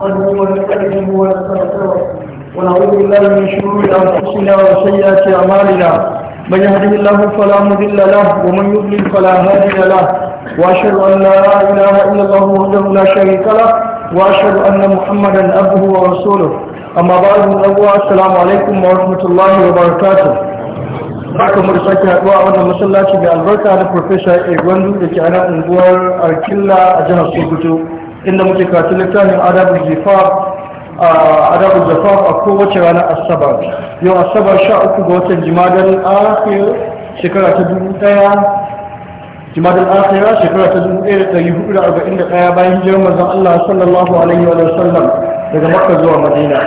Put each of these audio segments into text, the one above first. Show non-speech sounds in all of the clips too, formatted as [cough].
حمده ونستعينه ونستغفره ونعوذ بالله من شرور انفسنا وسيئات اعمالنا من يهده الله فلا مضل له ومن يضلل فلا هادي له واشهد ان لا اله الا الله وحده لا شريك له واشهد ان محمدا عبده ورسوله اما بعد السلام عليكم ورحمه الله وبركاته haka mu da sake haduwa a wannan masallaci da albarka na Professor Egwandu da ke ana unguwar Arkilla a jihar Sokoto. inda muke karatu littafin Adabu zifar a adabu zafar a kowace ranar asabar yau asabar sha uku ga watan jimadar akhir shekara ta dubu daya jimadar akhira shekara ta dubu ɗaya da ɗari hudu da arba'in da ɗaya bayan jiran mazan Allah sallallahu alaihi wa sallam daga makka zuwa madina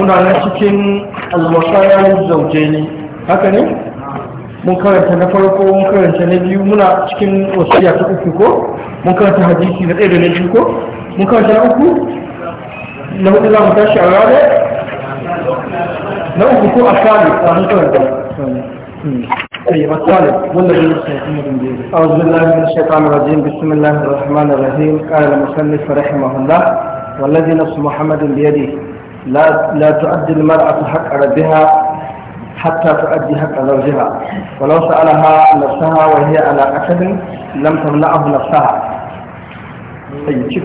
muna nan cikin alwasaya ne, haka ne mun karanta na farko mun karanta na biyu muna cikin wasiya ta uku ko mun karanta hadisi na ɗaya da na biyu ko mun karanta na uku na hudu za mu tashi a rana na uku ko a salu a mun karanta أعوذ بالله من الشيطان الرجيم بسم الله الرحمن الرحيم قال المصنف رحمه الله والذي نفس محمد بيده لا لا تؤدي المرأة حق ربها حتى تؤدي حق زوجها ولو سألها نفسها وهي على أكد لم تمنعه نفسها فيجب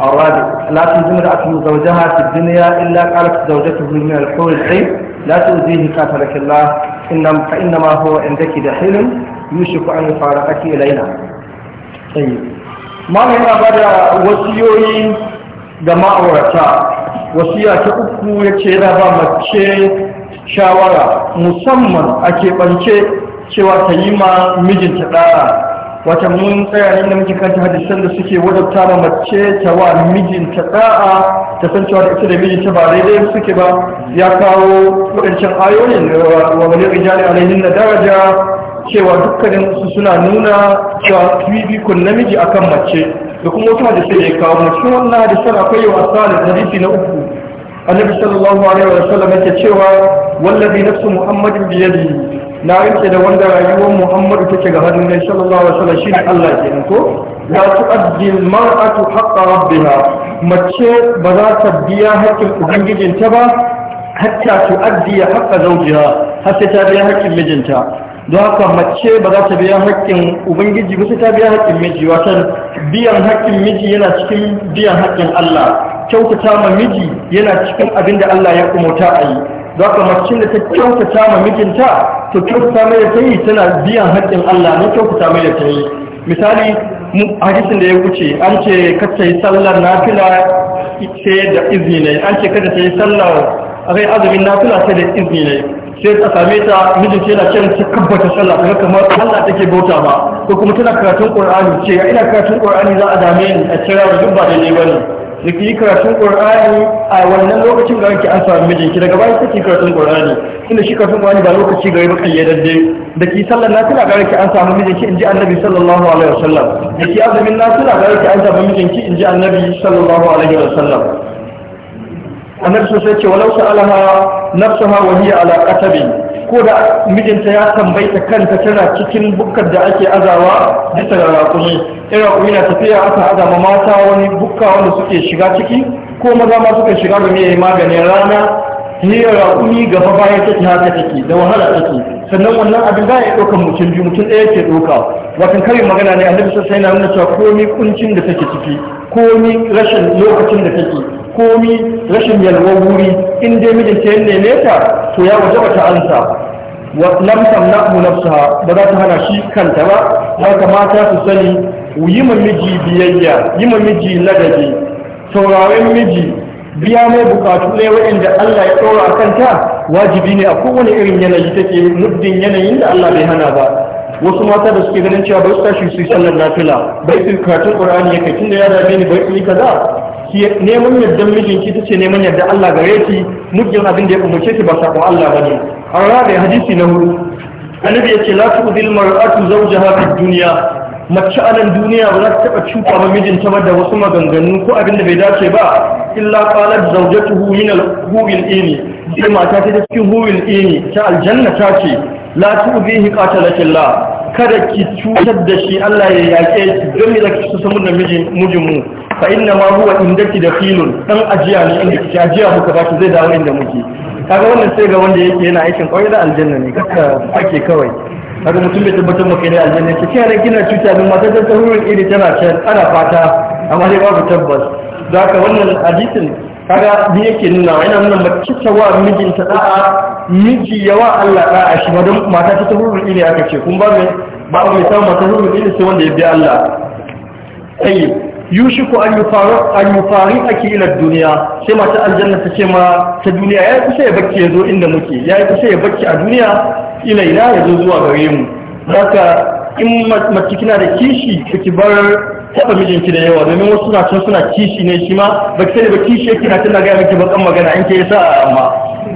الرابع لا تلزم امرأة زوجها في الدنيا إلا قالت زوجته من الحور الحين لا تؤذيه قاتلك الله إنما فإنما هو عندك دحيل يوشك أن يفارقك إلينا طيب ما من أبدا وسيوي دماء ورثاء wasiya ta uku ya شاورا مصمم ba mace shawara تيما مجن تقارا wata mun tsaya inda muke kanta hadisan da suke wadatta ma mace ta wa mijinta da'a ta san cewa da ita da mijinta ba daidai suke ba ya kawo wadancan ayoyi wa wani rijali alaihin na daraja cewa dukkanin su suna nuna cewa fifikun namiji akan mace da kuma wata hadisai da ya kawo mace wannan hadisan akwai yau a salin hadisi na uku annabi sallallahu alaihi wa sallam yake cewa wallabi nafsu muhammadin biyadi na rike da wanda rayuwar muhammadu take ga hannun ne sallallahu alaihi wasallam shine Allah ke ko la tu'addi al-mar'atu haqqa rabbiha mace ba za ta biya haƙƙin gijinta ba hatta tu'addi haqqa zawjiha har sai ta biya haƙƙin mijinta don haka mace ba za ta biya haƙƙin ubangiji ba sai ta biya haƙƙin miji wata biyan haƙƙin miji yana cikin biyan haƙƙin Allah kyautata ma miji yana cikin abin da Allah ya umarta a yi za ka macin da ta kyautata ma mijinta to kyautata mai ta yi tana biyan haƙƙin Allah ne kyautata mai ta yi misali hadisin da ya wuce an ce kacce yi sallar nafila sai da izini ne an ce kada ta yi sallar rai azumin nafila sai da izini ne sai ta same ta mijin ce na kyan ta kabbata sallah kaga kamar Allah take bauta ba ko kuma tana karatun ƙur'ani ce ina karatun ƙur'ani za a dame ni a kira duk ba da ba bane da ki yi karatun ƙorani a wannan lokacin da kake an samu mijinki daga baya kake karatun ƙorani inda shi karatun ƙorani ba lokaci gari ba kayyadadde da ki sallar suna ga ke an samu mijinki in ji annabi sallallahu alaihi wasallam da ki azumin suna ga ke an samu mijinki in ji annabi sallallahu alaihi wasallam annabi sun sai ce walau sa'alaha nafsaha wa hiya ala qatabi ko da mijinta ya tambaita kanta tana cikin bukkar da ake azawa bisa ga rakumi in rakumi na tafiya aka azama mata wani bukka wanda suke shiga ciki ko maza ma suka shiga domin mai maganin rana hiya rakumi gaba baya take haka take da wahala take sannan wannan abin za ya ɗaukar mutum biyu mutum ɗaya yake ɗauka watan kai magana ne annabi sosai na nuna cewa komi kuncin da take ciki komai rashin lokacin da take komi rashin yalwar wuri in dai mijinta ya neme ta to ya waje ta ansa wa lam tamna'u nafsaha ba za ta hana shi kanta ba haka mata su sani yi miji biyayya yi miji ladabi sauraren miji biya mai bukatu ne waɗanda Allah ya tsora a kanta wajibi ne a kowane irin yanayi take muddin yanayin da Allah bai hana ba wasu mata da suke ganin cewa bai su tashi su yi sallar nafila bai su karatun qur'ani yake tunda ya dame ni bai su yi kaza neman yardan mijinki ta ce neman yardan Allah gare ki mujin abin da ya umarce ki ba sakon Allah ba ne an rabe hadisi na hudu annabi yace la tu'dil mar'atu zawjaha fid dunya mace a nan duniya ba za ta taba cuta ba mijinta ba da wasu maganganu ko abin da bai dace ba illa qalat zawjatuhu min al-hubil ini sai mata ta cikin hubil ini ta aljanna ta ce la tu'dihi qatalatillah kada ki cutar da shi Allah ya yake ki don me zaki su samu da mijin fa inna ma huwa indaki filun dan ajiya ne inda kike ajiya muka baki zai dawo inda muke kaga wannan sai ga wanda yake yana aikin kwarai da aljanna ne kaka ake kawai kaga mutum bai tabbatar maka ne aljanna ce kiyar kina cuta min mata ta hurun iri tana can ana fata amma dai babu tabbas zaka wannan hadisin kaga ni yake nuna yana nuna mace ta wa mijinta da'a miji ya wa Allah da'a shi ma don mata ta hurun iri aka ce kun ba mai ba mai samu mata hurun iri sai wanda ya bi Allah tayyib yushiku an yufari ake ila duniya sai mata aljanna ta ce ma ta duniya ya kusa ya bakki ya zo inda muke ya kusa ya bakki a duniya ilaina ya zo zuwa gare mu haka in mace kina da kishi kike bar taba mijinki da yawa domin wasu na can suna kishi ne shi ma ba ki sani kishi yake na tana gaya miki bakan magana in ke yasa amma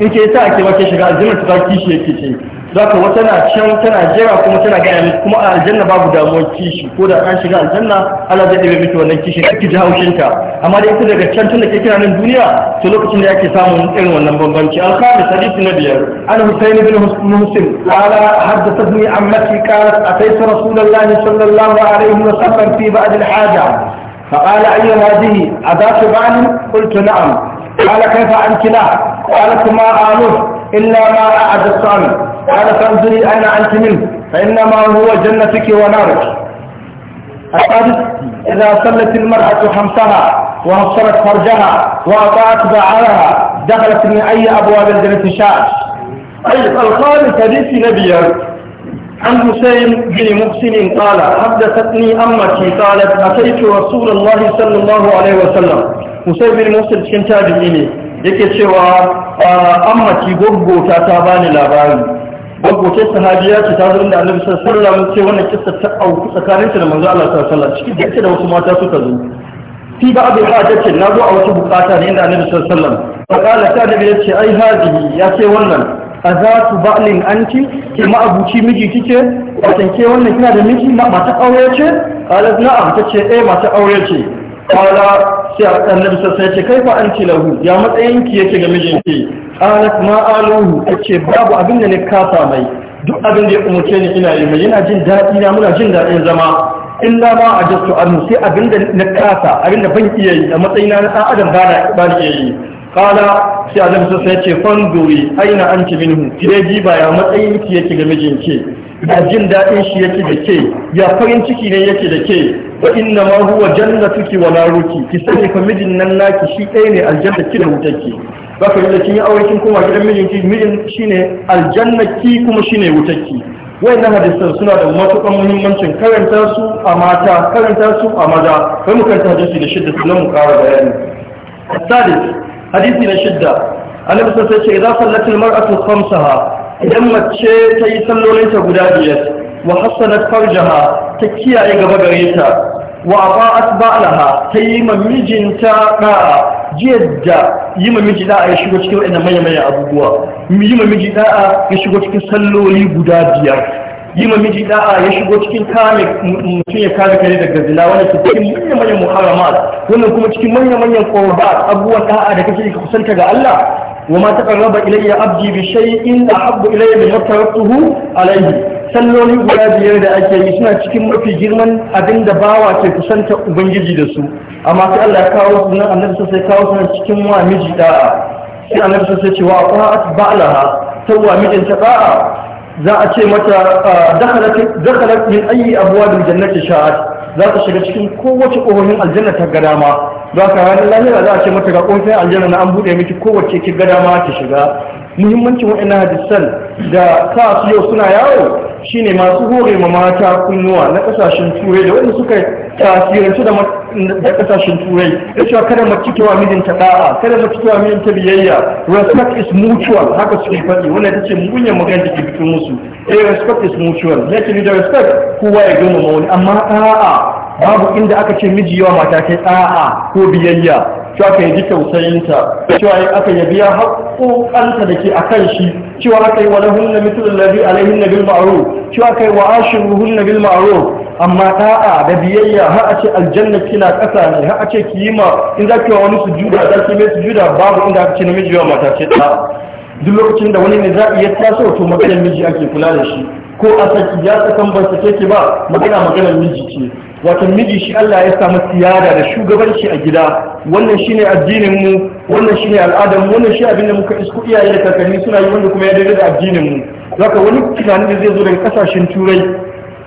in ke yasa ake ba ke shiga aljanna ta kishi yake ce zaka wata na can tana jira kuma tana gaya miki kuma a aljanna babu damuwar kishi ko da an shiga aljanna Allah zai ɗebe miki wannan kishi kake ji haushin ta amma dai ita daga can tunda ke kira nan duniya to lokacin da yake samun irin wannan bambanci al khamis hadisi na biyar an husayn ibn muslim qala haddathathni ammati qalat ataytu rasulullahi sallallahu alaihi wa sallam fi ba'd al haja فقال أي هذه أذاك بعد قلت نعم قال كيف أنت لا قالت ما آمر إلا ما أعدت عنه قال فانظري أين أنت منه فإنما هو جنتك ونارك السادس إذا صلت المرأة خمسها وهصرت فرجها وأطاعت بعلها دخلت من أي أبواب الجنة شاء طيب الخامس حديث نبيا عن حسين بن محسن قال حدثتني أمتي قالت أتيت رسول الله صلى الله عليه وسلم حسين بن محسن كنت تابعيني yake cewa ammaci goggo ta ta abokin sahabiya ce ta zurin da annabi sallallahu alaihi wasallam ce wannan kissa ta auku tsakanin ta da manzo Allah sallallahu alaihi wasallam cikin da ita da wasu mata suka zo fi ba abin ha ta ce na zo a wata bukata ne inda annabi sallallahu alaihi wasallam fa qala ta annabi ya ce ai hadihi ya ce wannan azatu ba'lin anti ke ma abuci miji kike watan ke wannan kina da miji mata aure ce qala na'am ta ce eh mata aure ce qala sai annabi sai ce kai fa anti lahu ya matsayin ki yake ga mijinki qalat ma aluhu ce, babu abin da ne kasa mai duk abin da ya umarce ni ina yi mai yana jin daɗi na muna jin daɗin zama illa ma a jastu annu sai abin da na kasa abin da ban iya yi a matsayina na ɗan adam ba na iya yi kala sai annabi sai ce fanduri aina anti minhu kireji ba ya matsayin ki yake ga mijin ke. ya jin daɗin shi yake da ke ya farin ciki ne yake da ke wa inna ma huwa jannatuki wa naruki ki sani fa mijin nan naki shi ɗaya ne aljanna ki da wutarki ba ka yi kin yi aure kin koma gidan mijinki mijin shine aljanna ki kuma shine wutarki wayannan hadisan suna da matukan muhimmancin karanta su a mata karanta su a maza kai mu karanta hadisi da shidda sannan mu ƙara bayani sadis hadisi na shidda annabi sai ce idza sallat al-mar'atu khamsaha idan mace ta yi sallolinta guda biyar wa hassanat farjaha ta kiyaye gaba gare ta wa ba asba'laha ta yi ma mijinta jiya jiyadda yi ma miji da'a ya shigo cikin waɗannan manya-manya abubuwa yi ma da'a ya shigo cikin salloli guda biyar yi ma miji da'a ya shigo cikin kame mutum ya kame kare daga zina wanda ke cikin manyan manyan muharramat wannan kuma cikin manyan manyan qurbat abubuwan da'a da kake ka kusanta ga Allah wa ma taqarraba ilayya abdi bi shay'in ahabbu ilayya mimma taraktuhu alayhi salloli guda biyar da ake yi suna cikin mafi girman abin da bawa ke kusanta ubangiji da su amma sai Allah ya kawo su nan annabi sai kawo su cikin wa miji da sai annabi sai ce wa qa'at ba'laha wa mijin ta da'a za a ce mata dakhalat dakhalat min ayi abwabil jannati sha'at za ta shiga cikin kowace kohonin aljanna ta ga dama za ka ranar lahira za a ce mata ga kofin aljanna na an buɗe miki kowace ki ga dama ki shiga muhimmancin waɗannan hadisan da sa su yau suna yawo shine masu hore ma mata kunnuwa na kasashen turai da wanda suka tasirantu da kasashen turai Ya cewa kada mace kewa mijinta da'a kada mace kewa mijinta biyayya respect is mutual haka suke faɗi wannan ita ce mugunyar magana da ke fito musu eh respect is mutual ya ni da respect kowa ya girmama wani amma da'a babu inda aka ce miji yawa mata kai da'a ko biyayya cewa ka yi ji tausayinta cewa aka yabi ya ƙanta da ke a kan shi cewa aka yi wa lahunna mitul a alaihinna na ma'ruf cewa yi wa ashiruhunna bil ma'ruf amma ta'a da biyayya har a ce aljanna kina ƙasa ne har a ce ma. in za ki wa wani sujuda za ki mai sujuda babu inda aka ce namiji wa mata ce ta duk lokacin da wani ne za iya taso to magana miji ake kula da shi ko a saki ya tsakan ban sake ki ba magana maganar miji ce wato miji shi Allah ya samu siyada da shugabanci a gida wannan shine addinin mu wannan shine al'adar mu wannan shi abin da muka isku iyaye da kakanni suna yi wanda kuma ya daidai da addinin mu zaka wani tunanin da zai zo daga kasashen turai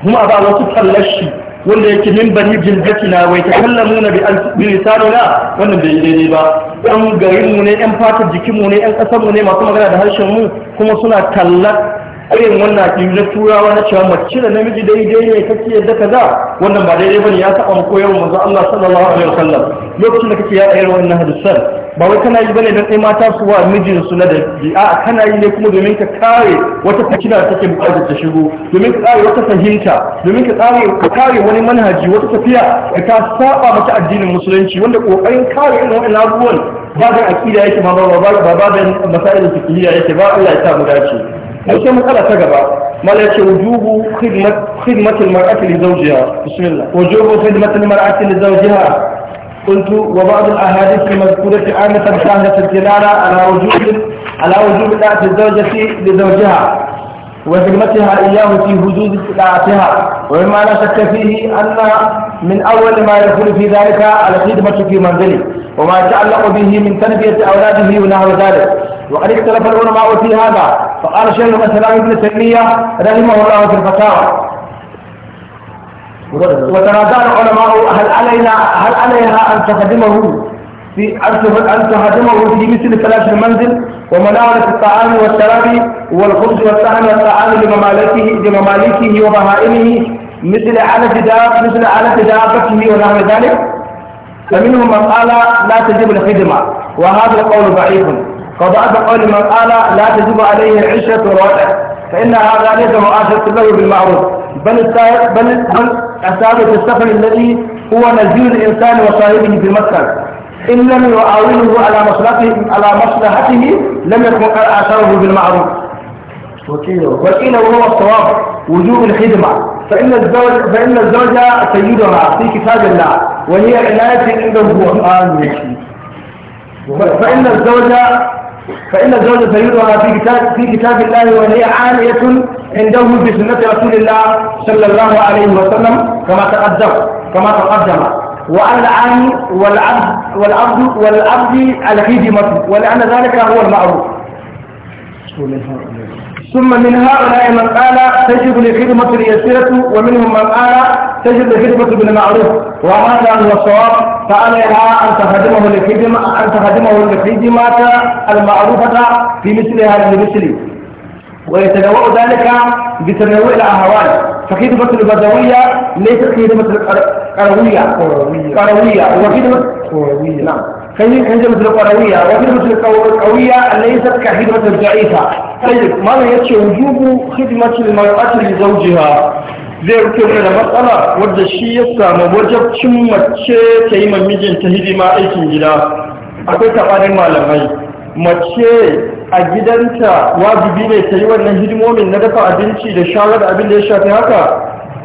kuma a ba wasu tallashi wanda yake min bani jilbatina wai ta kallamu na bi lisanuna wannan bai daidai ba yan garin mu ne yan fatar jikin mu ne yan kasar mu ne masu magana da harshen mu kuma suna tallar irin wannan kimi na turawa na cewa mace da namiji daidai ne kake yadda kaza wannan ba daidai bane ya saba mako yau manzo Allah sallallahu alaihi wasallam lokacin da kake ya irin wannan hadisan ba wai kana yi bane dan sai mata su wa mijin su na da a kana yi ne kuma domin ka kare wata fitina da take buƙatar ta shigo domin ka kare wata fahimta domin ka kare ka kare wani manhaji wata tafiya da ka saba mata addinin musulunci wanda kokarin kare irin wannan abubuwan ba da akida yake ma ba ba ba da masailin fikiyya yake ba Allah ya sa mu dace sai matsala ta gaba mala yace wujubu khidmat al-mar'ati li zawjiha bismillah wujubu khidmat marati li zawjiha قلت وبعض الاحاديث المذكوره عامه شاهدت الدلاله على وجوب على وجوب طاعه الزوجه لزوجها وخدمتها اياه في حدود طاعتها ومما لا شك فيه ان من اول ما يدخل في ذلك الخدمه في منزله وما يتعلق به من تنبية اولاده ونحو ذلك وقد اختلف العلماء في هذا فقال شيخ الاسلام ابن تيميه رحمه الله في الفتاوى وتنازع العلماء هل علينا هل عليها ان تخدمه في ان تخدمه في مثل فلاش المنزل ومناولة الطعام والشراب والخبز والسهم والطعام لمماليكه لمماليكه وبهائمه مثل على داب مثل على دابته ونحو ذلك فمنهم من قال لا تجب الخدمة وهذا القول ضعيف قضاء قول من قال لا تجب عليه عشة رائع فإن هذا ليس معاشرة له بالمعروف بل بل بل أسابة السفر الذي هو نزيل الإنسان وصاحبه في مكة إن لم يعاونه على مصلحته على مصلحته لم يكن قد آثاره بالمعروف وقيل وهو الصواب وجوب الخدمة فإن الزوج فإن الزوجة سيدها في كتاب الله وهي عناية عنده هو فإن الزوجة فإن الزوجة سيدها في كتاب, في كتاب الله وهي عالية عنده بسنة رسول الله صلى الله عليه وسلم كما تقدم كما تقدم والعن والعبد والعبد والعبد الخدمة ولأن ذلك هو المعروف ثم من هؤلاء من قال تجب لخدمة اليسيرة ومنهم من قال تجد الخدمة بالمعروف وهذا هو الصواب فعليها أن تخدمه الخدمة أن تخدمه الخدمات المعروفة في مثل هذا المثل ويتنوع ذلك بتنوع الأهوال فخدمة البدوية ليست خدمة القروية قروية وخدمة قروية نعم خدمة القروية وخدمة القوية ليست كخدمة الضعيفة طيب ماذا يتشي وجوب خدمة المرأة لزوجها zai rufe mana da matsala wadda shi ya samu wajabcin mace ta yi mijinta hidima aikin gida akwai tabarin malamai mace a gidanta wajibi ne ta yi wannan hidimomin na dafa abinci da shawar abin da ya shafi haka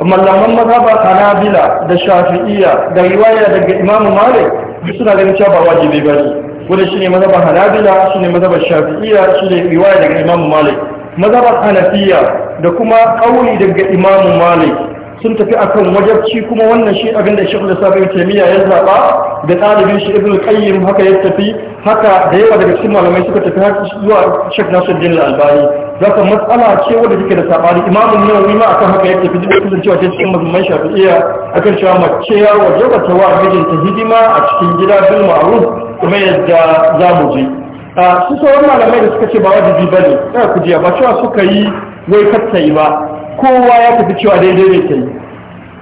mallaman maza ba hanabila da shafi'iya da riwaya daga imamu malik suna ganin cewa ba wajibi ba ne wanda shine maza hanabila shine mazhabar shi ne riwaya daga imamu malik mazhabar hanafiya da kuma kauli daga imamu malik sun tafi akan wajabci kuma wannan shi abin da shekul lissafi ibn taymiya ya zaba da ɗalibin shi ibn qayyim haka ya tafi haka da yawa daga cikin malamai suka tafi har zuwa shek nasiruddin al-albani zaka matsala ce wanda take da sabani imamu nawawi ma akan haka ya tafi duk kusan cewa cikin mazmuman shafi'iyya akan cewa mace ya wajaba ta wa mijinta hidima a cikin gida bil ma'ruf kuma yadda zamu je. a su sauran malamai da suka ce ba wajibi ba ne ɗaya ku ba cewa suka yi wai kacce yi ba kowa ya tafi cewa daidai ne ta yi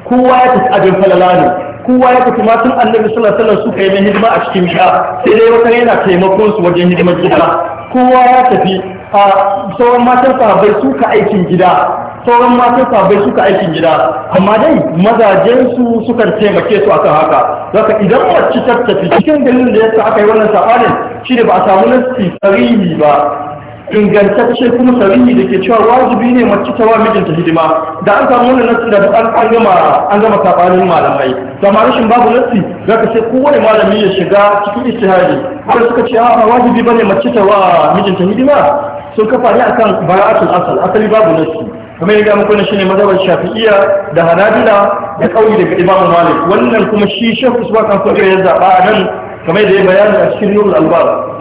kowa ya tafi abin falala ne kowa ya tafi matan annabi sallallahu alaihi wasallam suka yi na hidima a cikin gida sai dai wata yana taimakon su wajen hidimar gida kowa ya tafi a sauran matan sahabbai suka aikin gida sauran matan sahabbai suka aikin gida amma dai mazajen su sukan taimake su akan haka zaka idan mace ta tafi cikin dalilin da yasa aka yi wannan sabanin shi ne ba a samu nasi tsarihi ba ingantacce kuma sarihi da ke cewa wajibi ne mace ta wa mijinta hidima da an samu wannan nasi da an gama an gama sabanin malamai amma rashin babu nasi za ka sai kowane malami ya shiga cikin istihadi wanda suka ce a wajibi bane mace ta wa mijinta hidima sun kafa ne akan bara'atul asal asali babu nasi kamar yadda muku ne shine mazhabar Shafi'iyya da Hanabila da kauli daga Imam Malik wannan kuma shi Sheikh Usman kan fara ya zaba a nan kamar da ya bayani a cikin Nurul Albab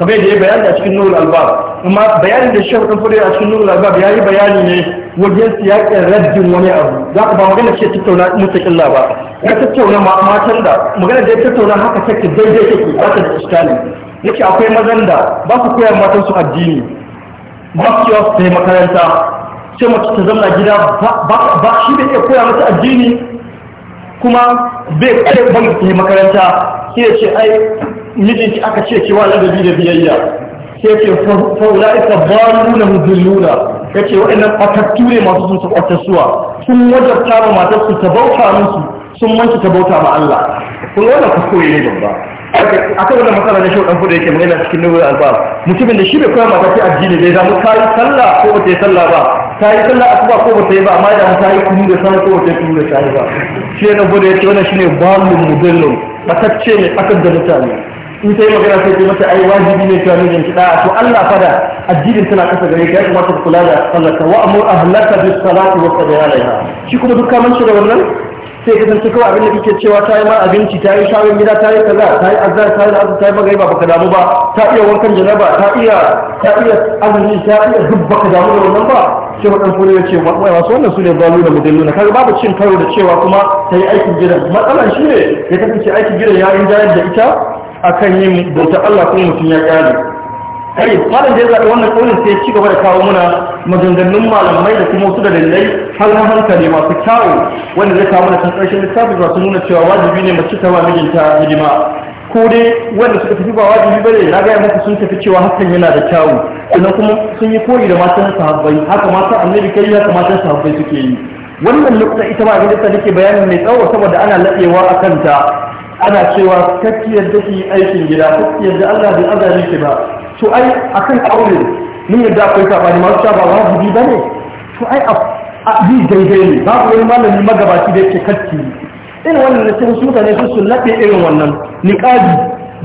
kamar yadda ya bayani a cikin nurul albab amma bayani da shehu fure a cikin nurul albab ya yi bayani ne wajen siyaƙin raddin wani abu za ka ba magana ce tattauna mutakin ba ya tattauna matan da magana da ya tattauna haka take daidai take ba ta da iskali yake akwai mazan da ba su koyar matan su addini ba su cewa su sai makaranta sai mace ta zama gida ba shi bai iya koya mata addini kuma bai kare ban ta makaranta sai ya ce ai mijinki aka ce ki wa ladabi da biyayya sai ce fa nuna dhaluna Ya ce waɗannan fatattu ne masu sun tsakwata suwa sun wajabta ma matar su ta bauta musu sun manci ta bauta ma Allah kun wannan koyi ne babba akan wannan matsala na shi dan da yake magana cikin nuna albab mutumin da shi bai koya mata ta addini bai zamu yi sallah ko ba ta yi sallah ba ta yi sallah asuba ko ba ta yi ba amma damu ta yi kunu da sallah ko ba ta yi kunu da sallah ba shi ne fuda yake wannan shine balun mudallun fatacce ne akan da mutane in sai magana sai ce mata ai wajibi ne cewa mijin ki to Allah fada addinin tana kasa gare ka ya kamata ku kula da sallarka wa amur ahlaka bis salati wa qad alaiha shi kuma duk kaman shi da wannan sai kasance kawai abin da kike cewa ta yi ma abinci ta yi shawin gida ta yi kaza ta yi azza ta yi azza ta yi magariba baka damu ba ta iya wankan janaba ta iya ta iya azumi ta iya duk baka damu da wannan ba sai wadan fure ya ce wai wasu wannan su ne balu da mudallu na kaga babu cin karo da cewa kuma ta yi aikin gidan matsalan shi ne ya kasance aikin gidan ya rinjayar da ita akan yin bauta Allah kuma mutum ya kyale kai malam da ya zaɓi wannan ƙaunin sai ci gaba da kawo muna maganganun malamai da kuma wasu da lallai har na hankali masu kyawu wanda zai kawo mana kan ƙarshen littafin za su nuna cewa wajibi ne mace ta wa mijinta hidima ko dai wanda suka tafi ba wajibi bane na gaya muku sun tafi cewa hakan yana da kyawu sannan kuma sun yi koyi da matan sahabbai haka matan annabi kai haka matan sahabbai suke yi wannan lokacin ita ba abin da take bayanin mai tsawo saboda ana laɗewa a kanta ana cewa kake yadda yi aikin gida kake yadda Allah bai azabi ki ba to ai akan aure mun yadda akwai sabani ma ba wajibi bane to ai a bi daidai ne babu wani malami magabaci da yake kacci irin wannan ne sai mutane su sun irin wannan niqabi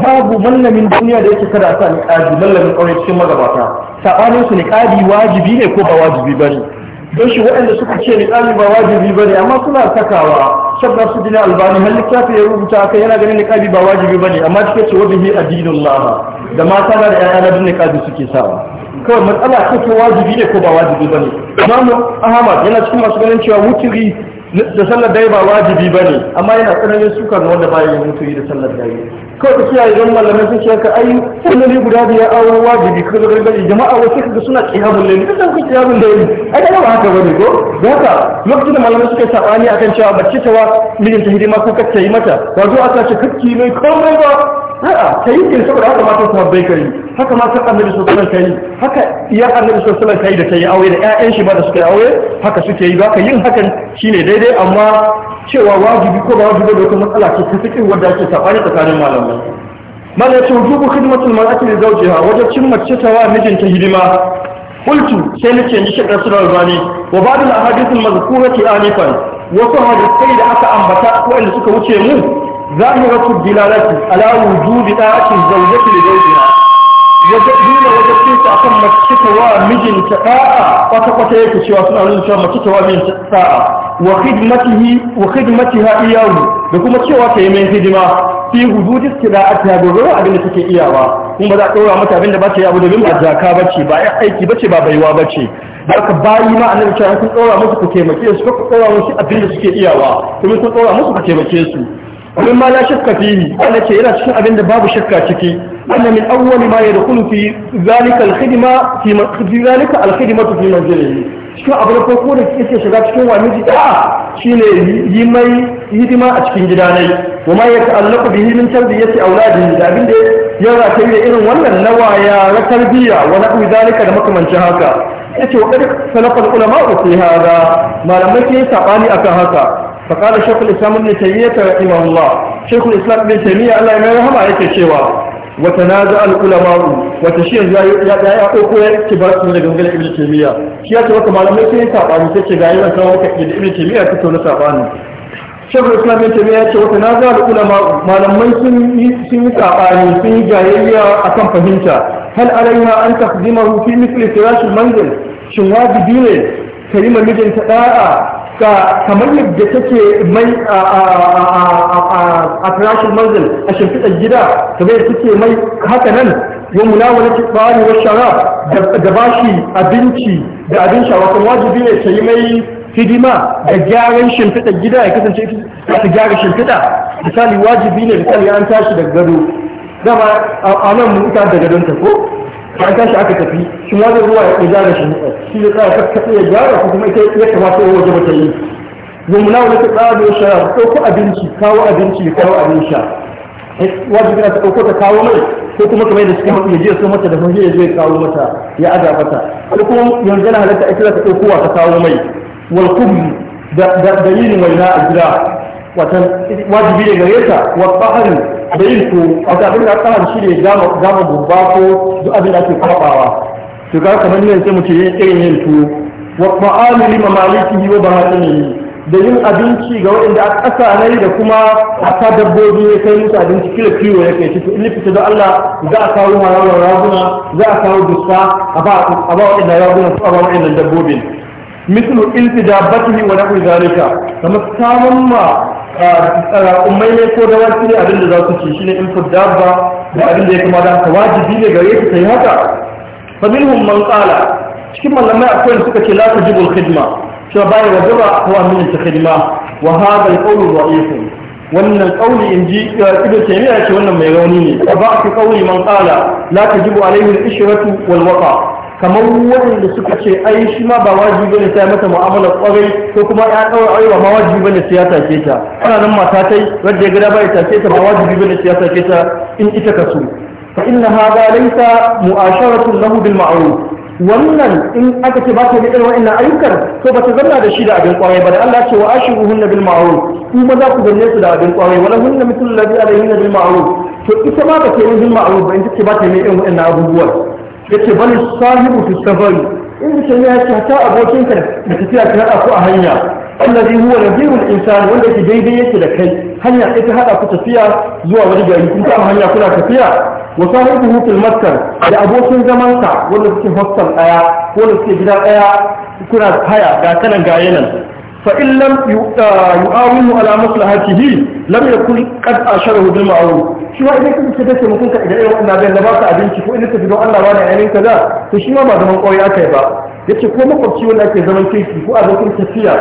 babu mallamin duniya da yake kada sa niqabi mallamin aure cikin magabata sabanin su niqabi wajibi ne ko ba wajibi bane don shi waɗanda suka ce niƙami ba wajibi ba ne amma suna sakawa shabba su dina albani har littafi ya rubuta ka yana ganin niƙami ba wajibi ba ne amma cike ce wa bihi addinin lama da mata na da ƴaƴa na bin niƙami suke sawa kawai matsala ce ko wajibi ne ko ba wajibi ba ne imamu ahmad yana cikin masu ganin cewa wuturi da sallar dai ba wajibi ba ne amma yana tsananin sukan wanda baya yin wuturi da sallar dai kawai ka kiyaye don malamai sun shaka ai ne guda biyar awon wajibi ka zo gari jama'a wasu kaga suna kiyamun laili kasan ku kiyamun laili ai kaga ba haka bane ko da haka lokacin da malamai suka sabani akan cewa bacci ta wa mijin ta hidima ko kacce yi mata wato aka ce kakki mai komai ba a'a ta yi kin saboda haka su sahabbai kai haka matan annabi sallallahu alaihi wasallam kai haka iya annabi sallallahu alaihi wasallam kai da ta yi aure da ƴaƴan shi ba da suka aure haka suke yi ba ka yin hakan shine daidai amma cewa wajibi ko ba wajibi da wata matsala ce ta fiƙin wadda ake saɓani tsakanin malamai mana yace wujubu khidmatul mar'ati li zawjiha wajibcin mace ta wa mijinta hidima qultu sai nace ni shekar sura albani wa ba'd al ahadith al mazkurati anifan wasu hadisai da aka ambata ko waɗanda suka wuce mu zahiratu dilalati ala wujubi da'ati zawjati li zawjiha nuna wajabcin ta akan mace ta wa mijinta da'a kwata kwata yake cewa suna nuna cewa mace ta wa mijinta da'a wa khidmatihi wa khidmatiha iyahu da kuma cewa ta yi mai hidima fi hududi istida'atiha gurgurun abin da take iyawa kuma ba za a ɗora mata abin da ba ta yi abu domin ba jaka ba ce ba aiki ba ce ba baiwa ba ce da aka bayi ma annabi cewa kun ɗora musu ku taimake su ku ɗora musu abin da suke iyawa domin kun ɗora musu ku taimake su ومن ما لا شك فيه أنا كي لا شك أبين باب شك شكي أن من أول ما يدخل في ذلك الخدمة في, في ذلك الخدمة في منزله cikin abu na farko da ke shiga cikin wani jiki a shine yi mai hidima a cikin gida nai wa ma ya ta'allaku bihi min tarbiyati auladihi da abin da ya rata da irin wannan waya na tarbiyya wa na'u zalika da makamancin haka yace wa kad salafa ulama fi haza. malamai ke a akan haka فقال شيخ الإسلام ابن تيمية رحمه الله شيخ الإسلام ابن تيمية الله يرحمه yake cewa wata na za a al'ulama wata shi yanzu ya ɗauko ya ce ba su daga maganar ibn taimiyya shi ya ce wata malamai sai ya saɓani sai ce ga yi zan kawo maka ibn taimiyya ta tauna saɓani shafi islam ibn taimiyya ya ce wata na za a al'ulama malamai sun yi saɓani sun yi jayayya akan fahimta hal alaiha an tafzimahu fi misli firashin manzil shin wajibi ne ka yi mamijinta ɗa'a kamar yadda take mai a farashin manzil a shimfiɗar gida kamar yadda take mai haka nan wa munawala ci wa shara da bashi abinci da abin shawa kuma wajibi ne ta yi mai hidima da gyaran shimfiɗar gida ya kasance ta gyara shimfiɗa misali wajibi ne misali an tashi daga gado dama a nan mun ta da gadon ta ko an tashi aka tafi shi wani ruwa ya gyara shi shi ya tsaya kakkaɓe ya gyara ko kuma ita ya kamata ya waje mata yi yamuna wani ta tsara da shara ɗauko abinci kawo abinci kawo abin sha eh, wajibi na ta ɗauko ta kawo mai ko kuma kamar yadda suka mutu ya je so mata da mahiya ya je kawo mata ya ada mata ko kuma yanzu na halatta ita za ta ɗauko wa ta kawo mai wal walkum da yin waina a gida watan wajibi ne gare ta wa da yin to a kafin da kalan shi ne gama babba ko duk abin da ake kwabawa to ga kamar ne sai mu ce irin yin to wa ma'alu lima malikihi wa bahatinihi da yin abinci ga waɗanda a ƙasa ne da kuma a ta dabbobi ya kai musu abinci kila kiwo ya kai cikin in fita da Allah za a kawo hararar raguna za a kawo dusa a ba waɗanda raguna su a ba waɗannan dabbobin mislu ilti da wa nahu zalika kamar samun ma ummai ne ko da wasu ne abin da za su ci shine in dabba da abin da ya kama da wajibi ne gare su ta yi haka fa minhum man qala cikin malamai akwai suka ce la tujibul khidma cewa bai wajaba ko amin ta khidma wa hada alqawlu da'if wannan qawli inji ibnu taymiya ce wannan mai rauni ne ba ka qawli man qala la tujibu alayhi al-ishratu wal waqa kamar waɗanda suka ce ai shi ma ba wajibi bane sai mata mu'amala kwarai ko kuma ya kawai ai ba wajibi bane sai ya take ta ana nan mata tai wanda ya gida bai take ta ba wajibi bane sai ya take ta in ita ka so fa inna hada laysa mu'asharatu lahu bil ma'ruf wannan in aka ce ba ta bi irin wa'annan ayyukan to ba ta zanna da shi da abin kwarai ba da Allah ce wa ashiruhunna bil ma'ruf kuma za ku zanne su da abin kwarai wala hunna mithlu alladhi alayhinna bil ma'ruf to ita ma ba ta yi bil ma'ruf ba in ta ce ba ta yi irin wa'annan abubuwan yake bal sahibu fi safari in da mutum ya ce ta abokin ka da tafiya ka hada ku a hanya allazi huwa nadirul insan wanda ke daidai yake da kai hanya ita hada ku tafiya zuwa wani gari kun ta hanya kuna tafiya wa sahibuhu fil maskar da abokin zaman ka wanda kike hostel daya wanda kike gida daya kuna haya ga kanan ga فإن لم يؤاوله على مصلحته لم يكن قد أشره بالمعروف shi ma idan kuka da ce mutum ka idan irin wannan bayan da ba ka abinci ko ina ka bi don Allah wani ainihin kaza to shi ma ba zaman kwarai aka yi ba yace ko makwabci wanda ake zaman kirki ko abokin tafiya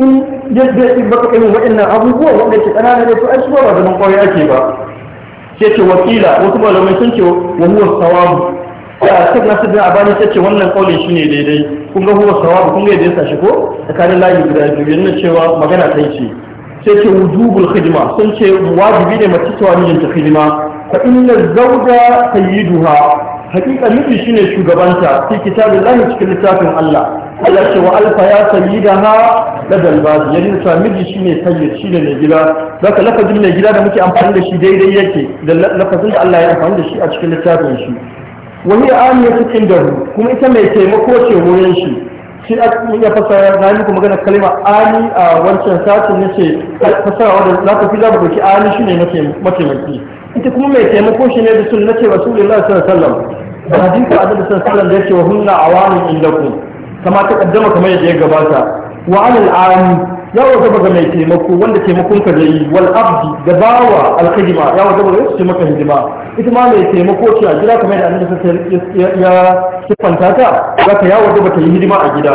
in yadda in baka irin waɗannan abubuwan wanda yake ƙanana ne to ai shi ma ba zaman kwarai ake ba sai ce wasu wa sai na sirrin abani ta ce wannan kaulin shi ne daidai kun ga huwa sawabu kun ga yadda ya sashi ko tsakanin layi guda biyu yana cewa magana ta ce sai ce wujubul khidma sun ce wajibi ne mace ta hidima? ta khidma fa inna zawja sayyiduha hakika miji shine shugabanta fi kitabillahi cikin littafin Allah Allah ce wa alfa ya sayyidaha ladal bazi yayin cewa miji shine sayyid shine mai gida zaka lafazin mai gida da muke amfani da shi daidai yake da lafazin da Allah ya amfani da shi a cikin littafin shi wani ya amiyatu indahu kuma ita mai taimako ce wurin shi shi ya fasara na muku magana kalima ani a wancan satin ce fasara wanda za ku fi za ku ki ani shi ne mataimaki ita kuma mai taimako shi ne da sun na ce su rasulullahi sallallahu alaihi wasallam da hadisi a sallallahu alaihi wasallam da yake wa hunna awanin indakum kama ta kaddama kamar yadda ya gabata wa alal ani ya wata ga mai taimako wanda taimakon ka zai wal abdi da bawa alkhidma ya wata ga su maka hidima ita ma mai taimako ce a gida kamar da annabi ya kifanta ta zaka ya wata ba ta yi hidima a gida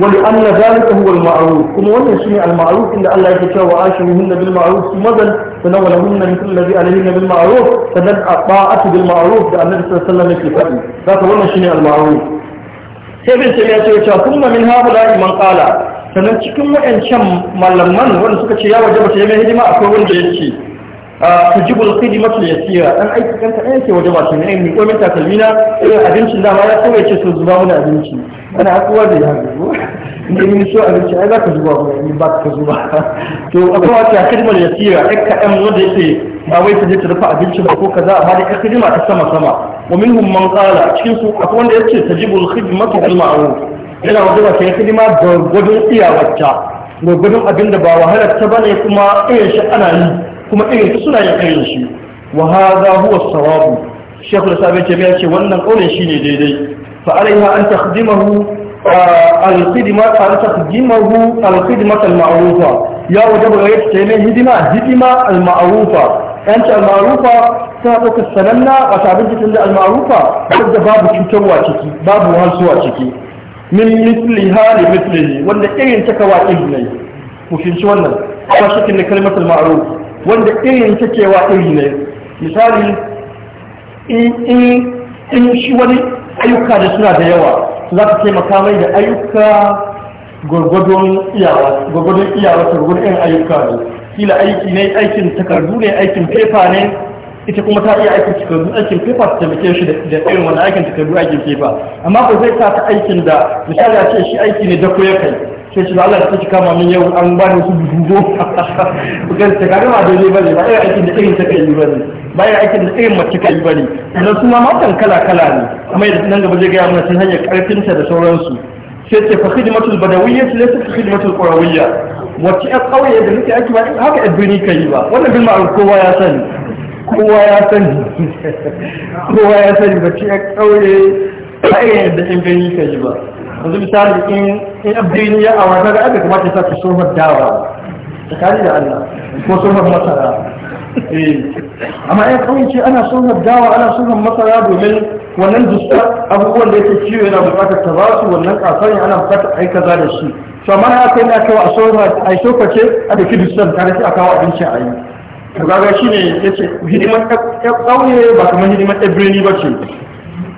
wani an na zalika huwa al-ma'ruf kuma wannan shine al-ma'ruf inda Allah yake cewa ashiruhunna bil ma'ruf sumadan sanan wa lahunna mithlu alladhi alayhinna bil ma'ruf sanan ata'atu bil ma'ruf da annabi sallallahu alaihi wasallam yake faɗi zaka wannan shine al-ma'ruf sai bin sai ya ce cewa kuma min haula Iman, qala sannan cikin waɗancan malaman wanda suka ce ya waje ba ta yi mai hidima akwai wanda ya ce ah, tujibul khidmatu yasira dan aiki kanta ɗaya ke waje ba ta mai mi komin takalmina irin abincin dama ya kawai ya ce su zuba mana abinci ana hakuwa da ya zubo inda yi so abinci ai za ka zuba ba yi ba ka zuba to akwai wata khidmar yasira ɗan kaɗan wanda ce ba wai ta je ta dafa abinci ba ko kaza amma dai khidma ta sama sama wa minhum man qala cikin su akwai wanda ya yace tajibul khidmatu bil ma'ruf yana wajaba ta yi hidima gwargwadon iyawarta gwargwadon abin da ba wahalar ta bane kuma irin shi ana yi kuma irin su suna yin irin shi wa hadha huwa sawabu shekul sabi ce ya ce wannan kaulin shine daidai fa alaiha an takhdimahu al-khidma an takhdimahu al-khidma al-ma'rufa ya wajaba ga yake mai hidima hidima al-ma'rufa yanci al-ma'rufa ta dauka sananna a sabin cikin da al-ma'rufa babu cutarwa ciki babu wahalsuwa ciki min misli hali mislihi wanda irin ta kawa irin ne ku finci wannan ba shi kin kalmatul ma'ruf wanda irin ta wa iri ne misali in in shi wani ayyuka da suna da yawa za ka taimaka mai da ayyuka gwargwadon iyawa gwargwadon iyawa gwargwadon irin ayyuka ne kila aiki ne aikin takardu ne aikin fefa ne ita kuma ta iya aikin takardu aikin paper ta taimake shi da irin wani aikin takardu aikin paper amma ba zai sa ta aikin da misali a ce shi aiki ne da ya kai sai shi Allah da take kama min yau an ba ni su dubo bukan [laughs] ta kaga ba daidai bane ba irin aikin da irin ta kai bane ba irin aikin da irin mace kai bane sannan su ma matan kala kala ne amma nan gaba zai ga mana sun hanyar karfinta da sauransu sai ce fa khidmatul badawiyya laysa ka khidmatul qurawiyya wacce a kauye da nake aiki ba haka a birni kai ba wannan bil ma'ruf kowa ya sani kowa ya sani kowa ya sani bacci ya kaure ba irin yadda in gani ka yi ba yanzu misali in in abdini ya awata da aka kamata ta ku somar dawa tsakani da Allah ko somar masara amma ya kawance ana somar dawa ana somar masara domin wannan dusta abubuwan da yake ciwo yana bukatar ta basu wannan kasar ana bukatar ai kaza da shi to amma na kai na kawo a somar a sokace a da kidustan tare sai a kawo abinci a yi to kaga shine yace hidimar kauye ba kamar hidimar ta birni ba ce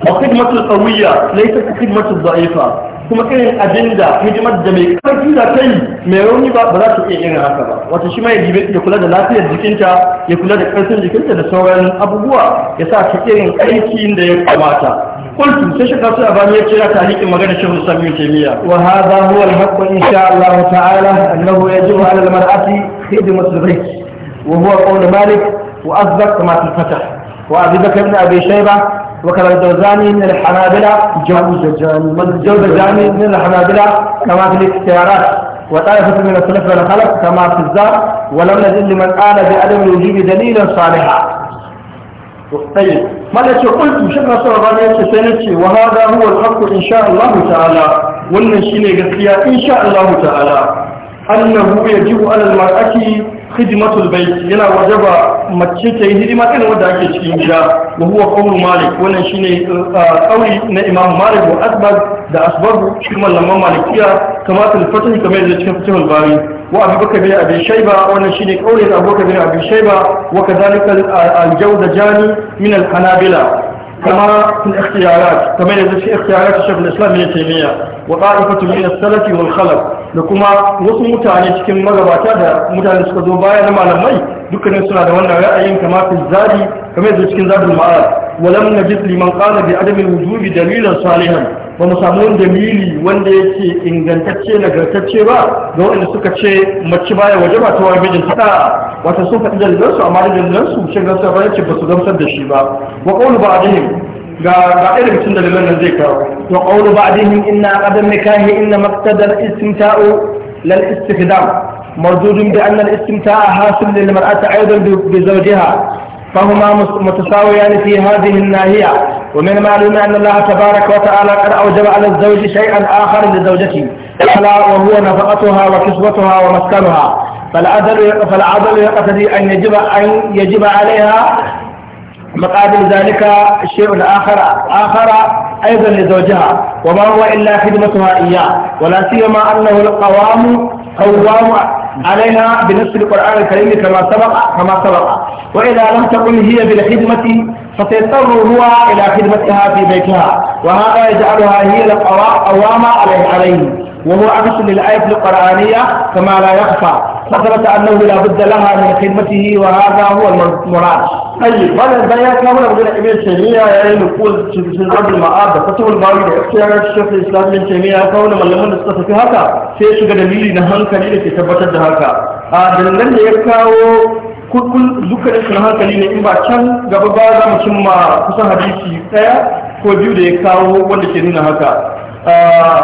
wa khidmatul qawiyya laysa ka khidmatul da'ifa kuma irin abinda hidimar da mai karfi da ta yi mai rauni ba ba za ta iya irin haka ba wato shi ma ya kula da lafiyar jikinta ya kula da karfin jikinta da sauran abubuwa ya sa ta irin aikin da ya kamata قلت سيشك نفسي أباني يكيرا تحريك مغانا شيخ نسامي تيمية وهذا هو الحق إن شاء الله تعالى أنه يجب على المرأة خدمة البيت وهو قول مالك وأصدق كما في الفتح وأبي بكر بن أبي شيبة وكان الجوزاني من الحنابلة الجوزجاني من الحنابلة كما في الاختيارات وطائفة من السلف والخلف كما في الزار ولم نزل لمن قال بعدم الوجوب دليلا صالحا طيب ما قلت شكرا صلى الله عليه وسلم وهذا هو الحق إن شاء الله تعالى والنشين قد إن شاء الله تعالى أنه يجب على المرأة khidmatul bayt yana wajaba mace ta yi hidima kan wanda ake cikin gida wa huwa qawlu malik wannan shine kauli uh, na imam malik wa asbab da asbab shi malaman malikiya kama al-fatih kamar yadda cikin fatihul bari wa abu bakar bin abi shayba wannan shine kauli da abu bakar bin abi shayba wa kadhalika al-jawda jani min al-hanabila كما في الاختيارات كما في اختيارات شيخ الاسلام ابن تيميه وطائفه من السلف والخلف لكما وسط متاني cikin magabata da mutane suka zo baya na malamai dukkanin suna da wannan ra'ayin kama fi zadi kama yadda walam najid liman qala bi adami alwujubi dalilan salihan ba mu samu dalili wanda yake ingantacce nagartacce ba ga wanda suka ce mace baya waje ba ta wa mijin ta wata sun faɗi dalilan su amma dalilan su shin gamsar ba yace ba su gamsar da shi ba wa qawlu ba'dihim ga ga irin cin dalilan nan zai kawo wa qawlu inna qadam nikahi inna maqtadal istimta'u lal istihdam hasin بأن الاستمتاع حاصل للمرأة أيضا بزوجها فهما متساويان في هذه الناهية ومن معلوم أن الله تبارك وتعالى قد أوجب على الزوج شيئا آخر لزوجته ألا وهو نفقتها وكسوتها ومسكنها فالعدل فالعدل يقتضي أن يجب أن يجب عليها مقابل ذلك شيء آخر آخر أيضا لزوجها وما هو إلا خدمتها إياه ولا سيما أنه القوام قوام عليها بنص القرآن الكريم كما سبق كما سبق وإذا لم تكن هي بالخدمة فسيضطر هو إلى خدمتها في بيتها وهذا يجعلها هي القوام عليه عليه وهو عكس للآية القرآنية كما لا يخفى فثبت أنه لا بد لها من خدمته وهذا هو المراد طيب وانا البيان كان هنا بدنا ابن تيمية يعني نقول في الأرض المعاد فتح الباوي اختيار الشيخ الإسلام ابن تيمية كون من لم استفى هكا هذا shiga dalili na hankali da ke tabbatar da haka a kudin duka suna hankali ne in ba can gaba ba za mu cimma kusan hadisi daya ko biyu da ya kawo wanda ke nuna haka ah,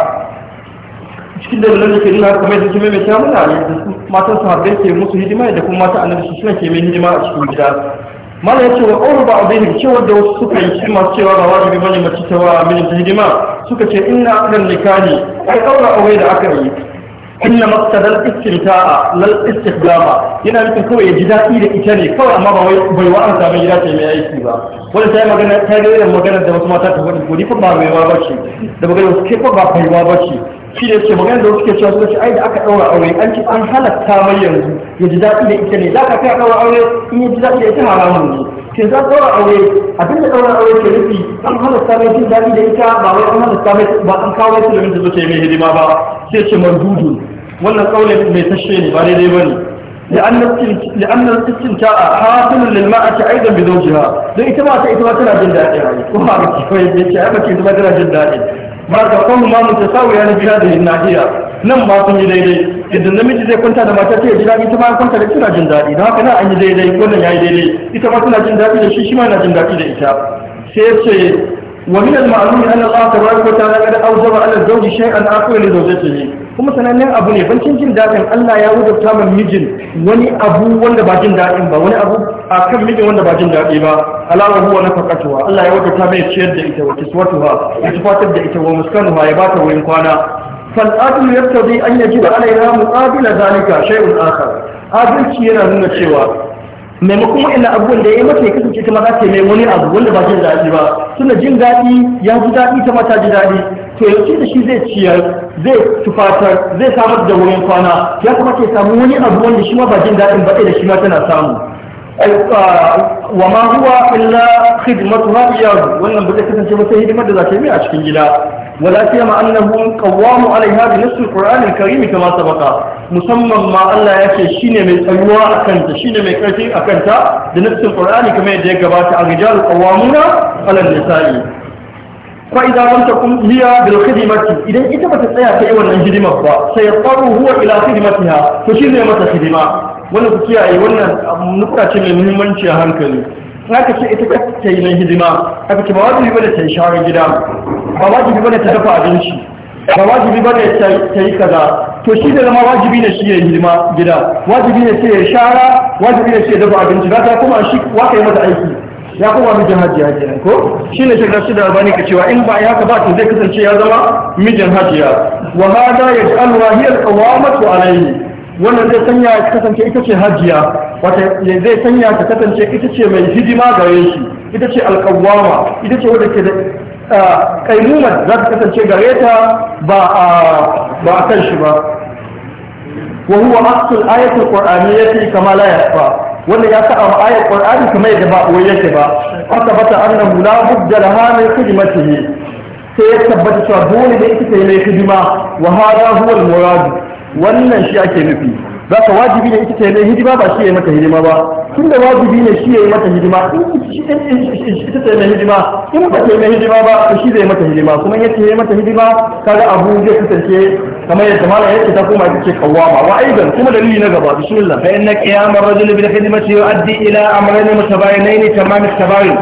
cikin dalilan da ke nuna haka mai zaki mai kyamu na ne matan harbe ke musu hidima da kuma mata annabi su suna ke mai hidima a cikin gida mala ya ce wa ƙauru ba a zai cewa da wasu suka yi shi masu cewa ba wajibi bane mace ta wa mijinta hidima suka ce ina akan nikani ai ƙaura aure da aka yi inna al istimta'a lal istihdama yana nufin kawai ya ji daɗi da ita ne kawai amma ba wai bai wa an samu gida ce mai aiki ba Wani ta yi magana ta yi irin magana da wasu mata ta faɗi ko ni ba mai ba ce. da magana wasu ke ba bai ba ce. shi ne ce magana da wasu ke cewa suka ce ai da aka ɗaura aure an ci an halatta mai yanzu ya ji daɗi da ita ne za ka kai a ɗaura aure in ya ji daɗi da ita haramun ne ke za ɗaura aure abin da ɗaura aure ke nufi an halatta mai jin daɗi da ita ba wai an halatta mai ba an kawo mai sulmin da ce mai hidima ba sai ce mardudu wannan kaulin mai tashe ne ba daidai bane لأن الاستمتاع حاصل للمرأة أيضا بزوجها لأن إتما إتما تنا جدا يعني وما بكي يتعب كي إتما تنا جدا ما تقوم ما متساوي يعني بهذه الناحية نم ما تني ليلي إذا لم يجد يكون تنا ما تتي جدا إتما كنت تنا جدا إذا كان أني ليلي كنا يعني ليلي إتما تنا جدا إذا شيء ما تنا جدا إذا إتما سيرتي ومن المعلوم أن الله تبارك وتعالى قد أوجب على الزوج شيئا آخر لزوجته kuma sanannen abu ne ban cin jin daɗin Allah ya wajabta ma mijin wani abu wanda ba jin daɗin ba wani abu a kan mijin wanda ba jin daɗi ba alawar huwa na fakatuwa Allah ya ta mai ciyar da ita wa kiswatuwa ya tufatar da ita wa muskanuwa ya bata wurin kwana fal'adul yattabi an yajiba alaiha muqabila zalika shay'un akhar adalci yana nuna cewa maimakon wa'annan abubuwan da ya mata ya kasance ta maza ce mai wani abu wanda ba jin daɗi ba suna jin daɗi ya ji daɗi ta mata ji daɗi to yanzu da shi zai ciyar zai tufatar zai samar da wurin kwana ya kamata ya samu wani abu wanda shi ma ba jin daɗin ba da shi ma tana samu wa ma huwa illa khidmatuha iyyahu wannan ba zai kasance ba sai hidimar da za ta yi a cikin gida ولا سيما أنهم قوام عليها بنص القرآن الكريم كما سبق مسمى ما الله يكي شين من أيوة أكنت شين من كرتي أكنت بنص القرآن كما يديك بات الرجال قوامون على النساء فإذا لم تكن هي بالخدمة إذا إذا ما تستطيع في أول الخدمة سيضطر هو إلى خدمتها فشين متى خدمة wannan ku kiyaye wannan nukta ce mai muhimmanci a hankali ka ce ita ka ta yi mai hidima A ce ba wajibi bane ta yi shawarar gida ba wajibi bane ta dafa abinci ba wajibi bane ta yi kaza to shi da zama wajibi ne shi ya yi hidima gida wajibi ne sai ya shara wajibi ne sai ya dafa abinci ba ta kuma shi waka yi mata aiki ya kuma mijin hajiya kenan ko shi ne shirin da albani ka cewa in ba ya haka ba ta zai kasance ya zama mijin hajiya wa hada yaj'alu hiya al kawamatu alayhi wannan zai sanya ya kasance ita ce hajiya wata ya zai sanya ta kasance ita ce mai hidima gare shi ita ce alƙawama ita ce wadda ke da kaimumar za ta kasance gare ta ba a kan shi ba wa huwa aqsul ayatul qur'aniyyati kama la yasfa wanda ya sa'a a ayar Qur'ani kuma yadda ba wai yake ba aka bata annahu la budda laha min khidmatihi sai ya tabbata cewa dole ne ita ta yi mai hidima wa hada huwa al-murad wannan shi ake nufi za ka wajibi ne ita ta hidima ba shi ya mata hidima ba tun da wajibi ne shi ya yi mata hidima in ita ta yi hidima in ba ta yi hidima ba to shi zai mata hidima kuma yadda ya mata hidima kaga abu zai kasance kamar yadda mala yake ta koma ita ce kawama wa aidan kuma dalili na gaba bismillah fa inna qiyam ar-rajul bil khidmati yu'addi ila amrayn mutabayinayn tamam at-tabayin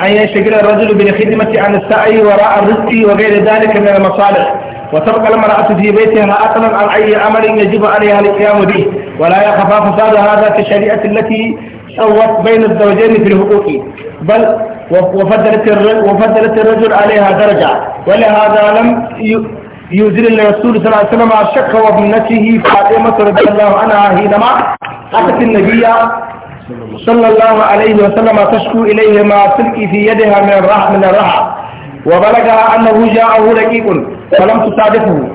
an yashghal ar-rajul bil khidmati an as-sa'i wa ra'a ar-rizqi wa ghayr dhalika min al-masalih وتبقى المرأة في بيتها أقلا عن أي عمل يجب عليها القيام به ولا يخفى فساد هذا كالشريعة التي شوت بين الزوجين في الحقوق بل وفضلت وفضلت الرجل عليها درجة ولهذا لم يزل الرسول صلى الله عليه وسلم الشك وابنته فاطمة رضي الله عنها حينما أتت النبي صلى الله عليه وسلم تشكو إليه ما تلقي في يدها من الرحم من الرحم وبلغها أنه جاءه رقيق فلم تصادفه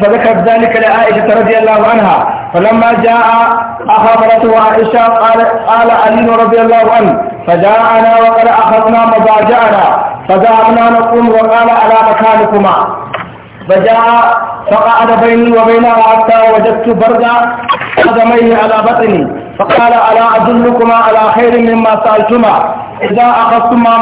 فذكرت ذلك لعائشة رضي الله عنها فلما جاء أخبرته عائشة قال, قال علي رضي الله عنه فجاءنا وقد أخذنا مضاجعنا فذهبنا نقول وقال على مكانكما فجاء فقعد بيني وبينه حتى وجدت بردا قدميه على بطني فقال ألا أدلكما على خير مما سألتما إذا أخذتما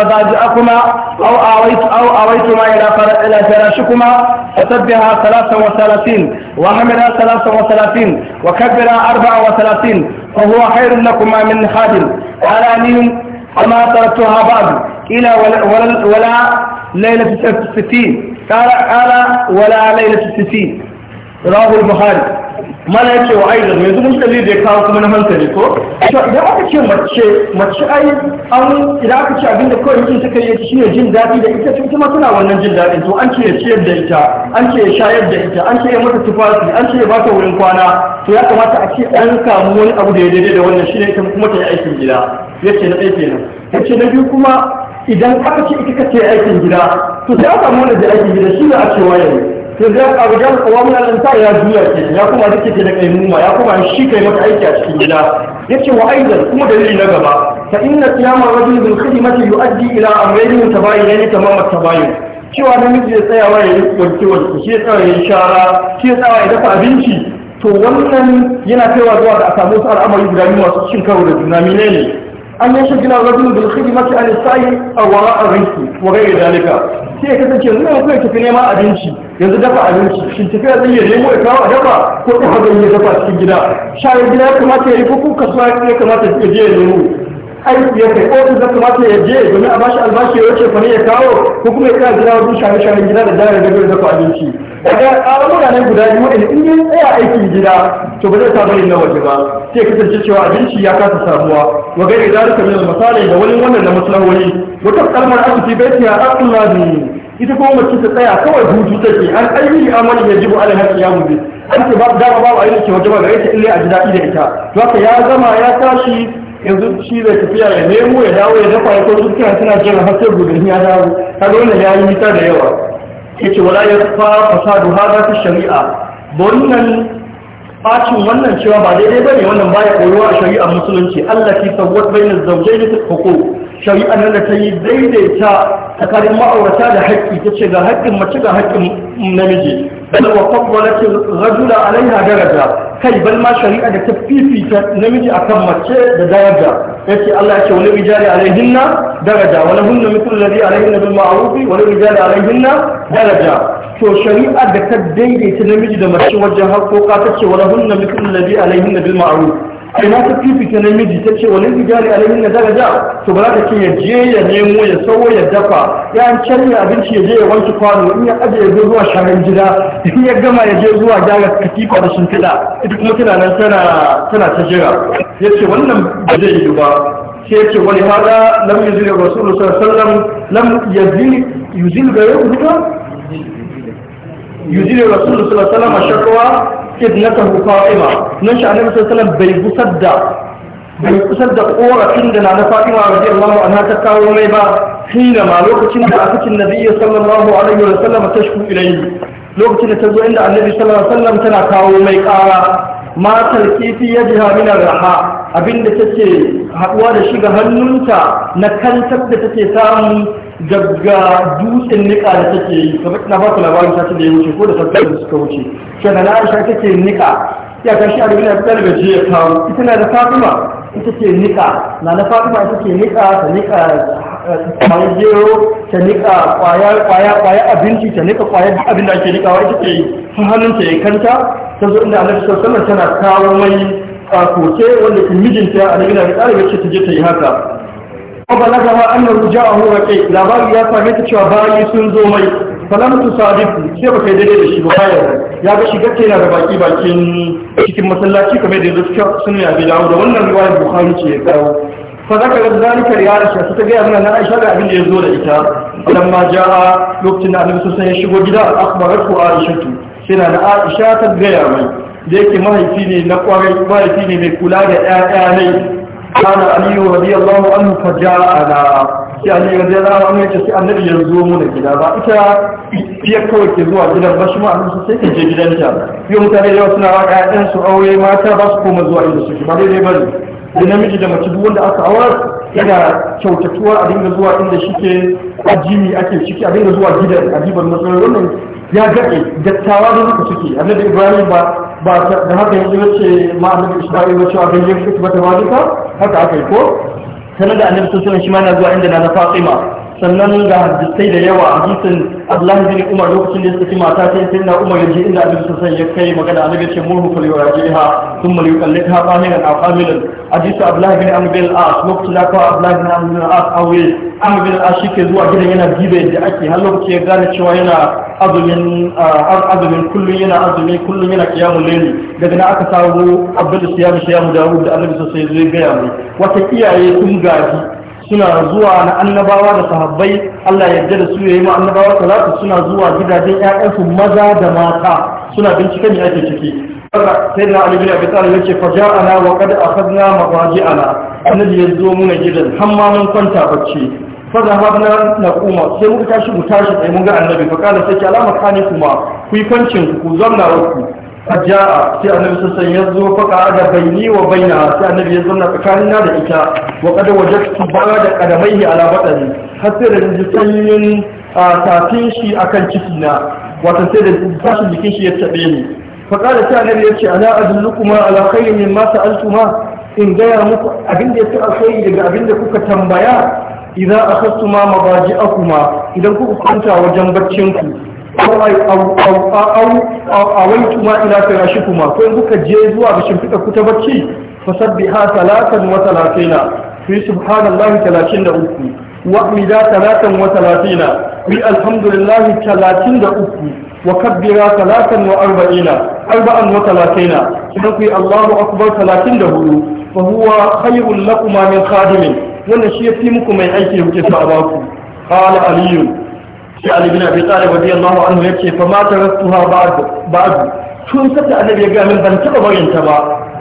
مضاجعكما أو أويت أو أويتما إلى إلى فراشكما فسبها 33 وحملا 33 وكبرا 34 فهو خير لكما من خادم أراني وما تركتها بعد إلى ولا, ولا, ليلة ستين قال قال ولا ليلة الستين رواه البخاري mana ya ce wa aizar yanzu muskali da ya kawo kuma na hankali ko idan aka ce mace mace ai an idan aka ce abinda kawai mutum suka yi shi ne jin daɗi da ita cikin kuma suna wannan jin daɗin to an ce ya ciyar da ita an ce ya shayar da ita an ce ya mata tufafi an ce ya ba wurin kwana to ya kamata a ce an samu wani abu da ya daidai da wannan shi ne ita kuma ta yi aikin gida ya ce na ɗaya kenan ya ce na biyu kuma idan aka ce ita kace aikin gida to sai aka mona da aikin gida shi ne a cewa yau to zai ka ga kowa mun nan ta ya juya ke ya kuma dake da kai muma ya kuma shi kai maka aiki a cikin gida yace wa aidan kuma dalili na gaba fa inna qiyama rajul bil khidmati yuaddi ila amrayn mutabayinain tamam at-tabayun cewa namiji ya tsayawa ya yi wanke wanke shi ya tsaya ya shara shi ya tsaya ya dafa abinci to wannan yana kaiwa zuwa da a samu su al'amari guda biyu masu cin karo da juna ne an yashgil ar-rajulu bil khidmati an sa'i a wara a rizqi wa da dalika sai ya kasance yanzu ne kai tafi nema abinci yanzu dafa abinci shin tafiya zai yi nemo ya kawo a dafa ko ta hada ya dafa cikin gida shayar gida ya kamata ya yi ko kasuwa ya kamata ya je ya nemo aiki ya kai ko in zaka mata ya je domin a bashi albashi ya wuce fari ya kawo ko kuma ya kara gida wajen share share gida da jari da gari zaka abinci daga al'amura ne guda biyu wanda in ya tsaya aiki gida to ba zai samu yin na waje ba sai ya kasance cewa abinci ya kasa samuwa wa gaira da duka min misali da wani wannan da maslahohi wata kalmar arziki bai ta aqlabi ita kuma mace ta tsaya kawai hutu take an ainihi amali ya jibu ala haƙi ya mubi an ce ba dama babu ainihi ke wajaba gare ta illa a ji daɗi da ita to haka ya zama ya tashi yanzu shi zai tafiya ya nemo ya dawo ya dafa ya ko dukkan suna jira har sai gobe ya dawo kaga ya yi mita da yawa yace wala ya fa fasadu hada fi shari'a wannan bacin wannan cewa ba daidai ba ne wannan baya koyuwa a shari'ar musulunci Allah ki sawwat bainal zawjayn fi huquq shari'ar nan da ta yi daidaita tsakanin ma'aurata da haƙƙi tace ga haƙƙin mace ga haƙƙin namiji bal wa faddalat ar-rajul 'alayha daraja kai bal ma shari'a da fifita namiji akan mace da daraja yace Allah ya ce wani rijali alaihinna daraja wala hunna mithlu alladhi alaihinna bil ma'ruf wa rijali alaihinna daraja to shari'a da ta ta namiji da mace wajen haƙoƙa ta sai na ta fita namiji ta ce wani a alaihin na daraja to ba za ka ce ya je ya nemo ya sawo ya dafa ya an canja abinci ya je ya wanke kwano in ya aje ya zo zuwa sharan gida in ya gama ya je zuwa gyara katifa da shimfiɗa ita kuma tana nan tana tana ta jira ya ce wannan ba zai yi ba sai ya ce wani hada lam yuzil rasulullahi sallallahu alaihi wasallam lam yuzil yuzil ga yau yuzil rasulullahi sallallahu alaihi wasallam shakwa ibnatahu fatima nan shi annabi sallallahu alaihi wasallam bai da bai gusar da korafin da na fatima radiyallahu anha ta kawo mai ba hina ma lokacin da aka cin sallallahu alaihi wasallam ilayhi lokacin da ta zo inda annabi sallallahu alaihi wasallam tana kawo mai kara matar kifi ya jiha min arha abinda take haduwa da shi ga hannunta na kantar da take samu daga dutsen nika da take yi kamar na ba ku labarin sashi da ya wuce ko da sassan da suka wuce shi na aisha take nika ya shi a duniya fitar da ya kawo ita na da fatima ita ce nika na na fatima ita ce nika ta nika eh, kwayar gero ta nika kwayar kwaya abinci ta nika kwayar abin da ake wa ita ke hannun ta ya kanta ta zo inda annabi sallallahu saman tana kawo mai eh, koke wanda ke mijinta a duniya da ƙarfi ce ta je ta yi haka فبلغها أنه جاءه رقيق لا باري يا فهمت شو باري سنزو مي فلم تصادفه sai baka yi daidai da shi ba ya ga shiga ke na da baki bakin cikin masallaci kamar da yanzu sun ya dawo da wannan riwayar bukhari ce ya kawo fa zaka ga zalikar ya aisha su ta gaya mana na aisha da abin da ya zo da ita ma ja'a lokacin da annabi sosai ya shigo gida akhbaratu aisha sai na aisha ta gaya mai da yake mahaifi ne na kwarai mahaifi ne mai kula da ƴaƴa ne قال علي رضي الله عنه فجاءنا sai ali radiya Allah an yace sai annabi ya zo mu da gida ba ita fiye kawai ke zuwa gidan ba shi ma annabi sai ka je gidanta yau mutane da suna waka ƴaƴan su aure mata ba su koma zuwa inda suke ba daidai da namiji da mace duk wanda aka aure yana kyautatuwa a dinga zuwa inda ke ajimi ake ciki a dinga zuwa gidan ajiban matsalolin wannan ya gaɗe dattawa da suka suke annabi Ibrahim ba ba da haka yanzu ya ce ma annabi Isma'il ya ce a ta fitbata walika haka aka yi ko sanar da annabi sallallahu shi ma yana zuwa inda na Fatima sannan ga hadisai da yawa a hadisin Abdullah bin Umar lokacin da suka ci mata ta sai na Umar yaji inda Abdul Sassan ya kai magana annabi ce murhu fal yurajiha thumma yuqallidha qahiran aw qamilan hadisi Abdullah bin Amr bin al-As lokacin da ka Abdullah bin Amr bin al-As aure Amr bin al-As zuwa gidan yana gibe da ake har lokacin ya gane cewa yana azumin ah, azumin kullun yana azumi kullun yana qiyamul layli daga nan aka samu Abdul Siyam ya Dawud da Annabi da ya zo ya ga mai wata iyaye sun gaji suna zuwa na annabawa da sahabbai Allah ya yarda da su yayi ma annabawa salatu suna zuwa gidajen ƴaƴansu maza da mata suna binciken ne ake ciki sai na Ali bin Abi Talib yace fa ja'ana wa qad akhadna mawaji'ana annabi ya zo muna gidan har mun kwanta bacci fa zahabna naquma sai muka tashi mu tashi sai mun ga annabi fa kana sai ki alama kane kuma ku yi kwancin ku zanna ku فجاء في النبي صلى الله عليه وسلم فقعد بيني وبينها في sai annabi ya عليه وسلم كاننا da ita wa kada wajadtu ba'da qadamaihi ala har sai da jikin tafin shi akan ciki na wato sai da tashin jikin shi ya tabe ni da sai annabi yace ala adullukuma ala khayrin mimma sa'altuma in gaya muku abinda ya fi alkhairi daga da kuka tambaya idan baji mabaji'akuma idan kuka kwanta wajen baccin ku Um, um, um, a waitu ma ila firashikuma ko kuka je zuwa ga shimfiɗa ku ta bacci fasabbiha talatan wa talatina fi subhanallahi talatin da uku wa amida talatan wa talatina fi alhamdulillahi talatin da uku wa kabbira talatan wa arba'ina arba'an wa talatina sannan ku yi allahu akbar talatin da hudu fa huwa khayrun lakuma min khadimin wannan shi ya fi muku mai aiki da kuke sa a baku qala aliyun sai Ali bin Abi Talib radiyallahu anhu ce fa ma tarastuha ba'd ba'd tun sata annabi ya ga min ban taba barin ta ba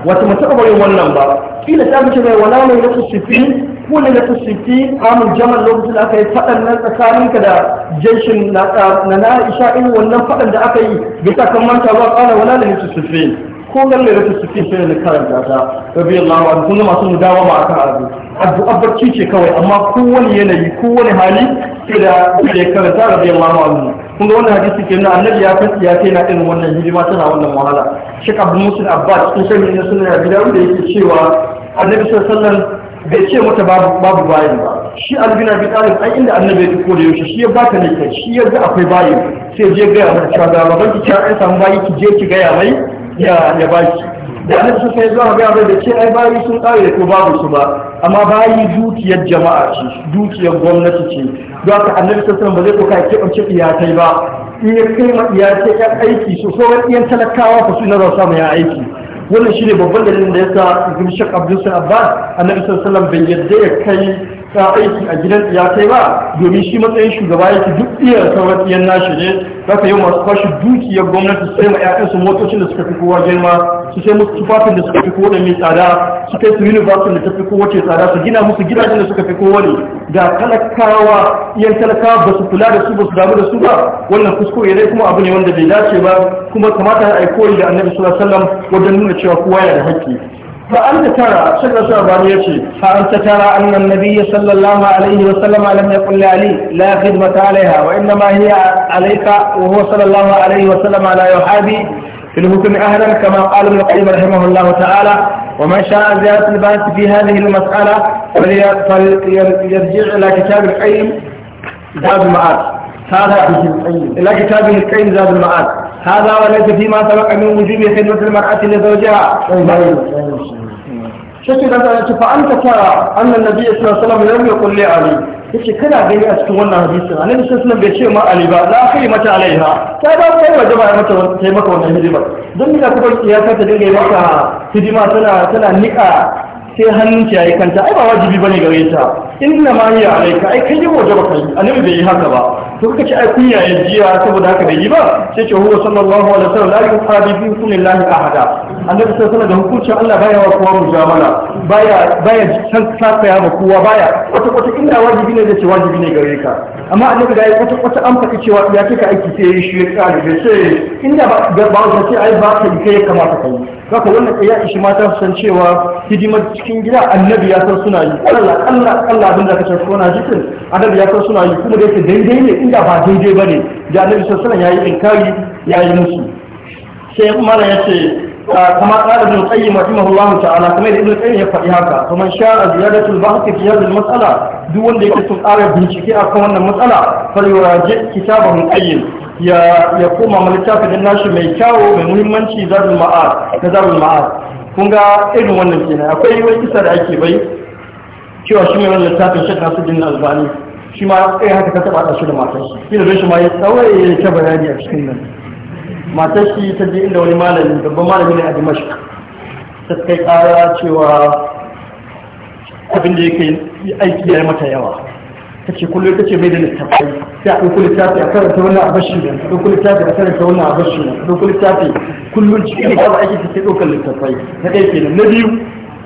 wata mu taba barin wannan ba kila ta mace mai wala mai lafi sifi ko ne lafi sifi amul jamal lokacin da aka yi faɗan nan tsakaninka da jeshin na na Aisha irin wannan faɗan da aka yi bai ta kan manta ba kana wala lafi sifi ko lalle da su suke shirin da karanta ta rabi Allah wa kun masu ma akan arzu addu'a barci ce kawai amma kowane yanayi kowane hali sai da ya karanta rabi Allah wa kun ga wannan hadisi kenan annabi ya fi ya kai na irin wannan hidima tana wannan wahala Sheikh Abdul Musin Abbas cikin sharhi na sunan Abi da yake cewa annabi sallallahu bai ce mata babu babu ba shi albin abi talib ai inda annabi ya ko da yaushe shi ya baka ne kai shi ya ga akwai bayan sai je ga ya mata cewa ga ki ta an samu bayi ki je ki ga ya mai ya ba shi da an su sai zuwa ga da ce ai bayi sun kare da ko babu su ba amma bayi dukiyar jama'a ce dukiyar gwamnati ce don haka annabi sallallahu wasallam zai ko kai keɓance iyatai ba in ya kai ma iyatai ka aiki su sauran iyan talakawa ko su na zo samu ya aiki wannan shine babban dalilin da yasa Ibn Shaq Abdul Abbas annabi sallallahu bai yadda ya kai sa aiki a gidan ya kai ba domin shi matsayin shugaba yake duk iya sauran iyan nashi ne za ka yi masu kwashe dukiyar gwamnati sai ma su motocin da suka fi kowa girma su sai musu tufafin da suka fi kowa mai tsada su kai su university da ta fi kowa ce tsada su gina musu gidajen da suka fi kowa ne da talakawa iyan talakawa ba su kula da su ba su damu da su ba wannan kuskure dai kuma abu ne wanda bai dace ba kuma kamata a yi koyi da annabi sallallahu alaihi wasallam wajen nuna cewa kowa yana da hakki. فأنت ترى شكرا شعبان يشي فأنت ترى أن النبي صلى الله عليه وسلم لم يقل لعلي لا خدمة عليها وإنما هي عليك وهو صلى الله عليه وسلم لا يحابي في الحكم أهلا كما قال ابن القيم رحمه الله تعالى ومن شاء زيارة الباحث في هذه المسألة فليرجع إلى كتاب القيم زاد المعاد هذا إلى كتابه القيم زاد المعاد هذا وليس فيما سبق من وجوب خدمة المرأة لزوجها شكي لنا ta فأنت fa أن النبي صلى الله عليه وسلم لم يقل لعلي yake kana gani a cikin wannan hadisin annabi sallallahu bai ce ma ali ba la kai mata alaiha ta ba kai waje ba mata kai maka wannan hidima don da kuma ya ka ta dinga maka hidima tana tana nika sai hannun ta yayi kanta ai ba wajibi bane gare ta inna ma hiya alaika, ai kai yabo da baka yi annabi bai yi haka ba to kuka ce ai kunya ya jiya saboda haka bai yi ba sai ce huwa sallallahu alaihi wasallam la yuqadi bi kullillahi ahada annabi sallallahu alaihi wasallam da hukuncin Allah baya wa kowa mujamala baya baya san sakaya ma kowa baya wata wata inda wajibi ne da ce wajibi ne gare ka amma annabi da ya wata wata an faɗi cewa ya ce ka aiki sai ya shi ya kare bai sai inda ba ba wata ce ai ba ka yi kai kamata ka yi haka wannan ya ishi mata su san cewa hidimar cikin gida annabi ya san suna yi Allah Allah Allah abin da kace kona jikin annabi ya kasu yi kuma da yake daidai ne inda ba daidai ba ne da annabi sai sunan yayi inkari yayi musu sai kuma ya ce ah, kama qala ibn qayyim rahimahullah ta'ala kuma ibn qayyim ya faɗi haka Kamar sha a ziyadatu al haka fi hadhihi matsala, duk wanda yake son tsara bincike akan wannan matsala fal yuraji kitabahu qayyim ya koma littafin malika fi nashi mai kyawu mai muhimmanci zabul ma'ad kazabul ma'ad kun ga irin wannan kenan akwai wani kisa da ake bai cewa shi mai wani littafin shek nasuddin albani shi ma ɗaya haka ta taɓa ɗashi da matarsa shi da shi ma ya tsawai ya ta bayani a cikin nan matar shi ta je inda wani malami babban malami ne a dimashik ta kai ƙara cewa abin da yake aiki ya yi mata yawa ta ce kullum ta ce mai da littafai sai a ɗauki littafi a karanta wannan abashi ne a ɗauki littafi a karanta wannan abashi ne a ɗauki littafi kullum cikin da aiki ta ke ɗaukar littafai na ɗaya kenan na biyu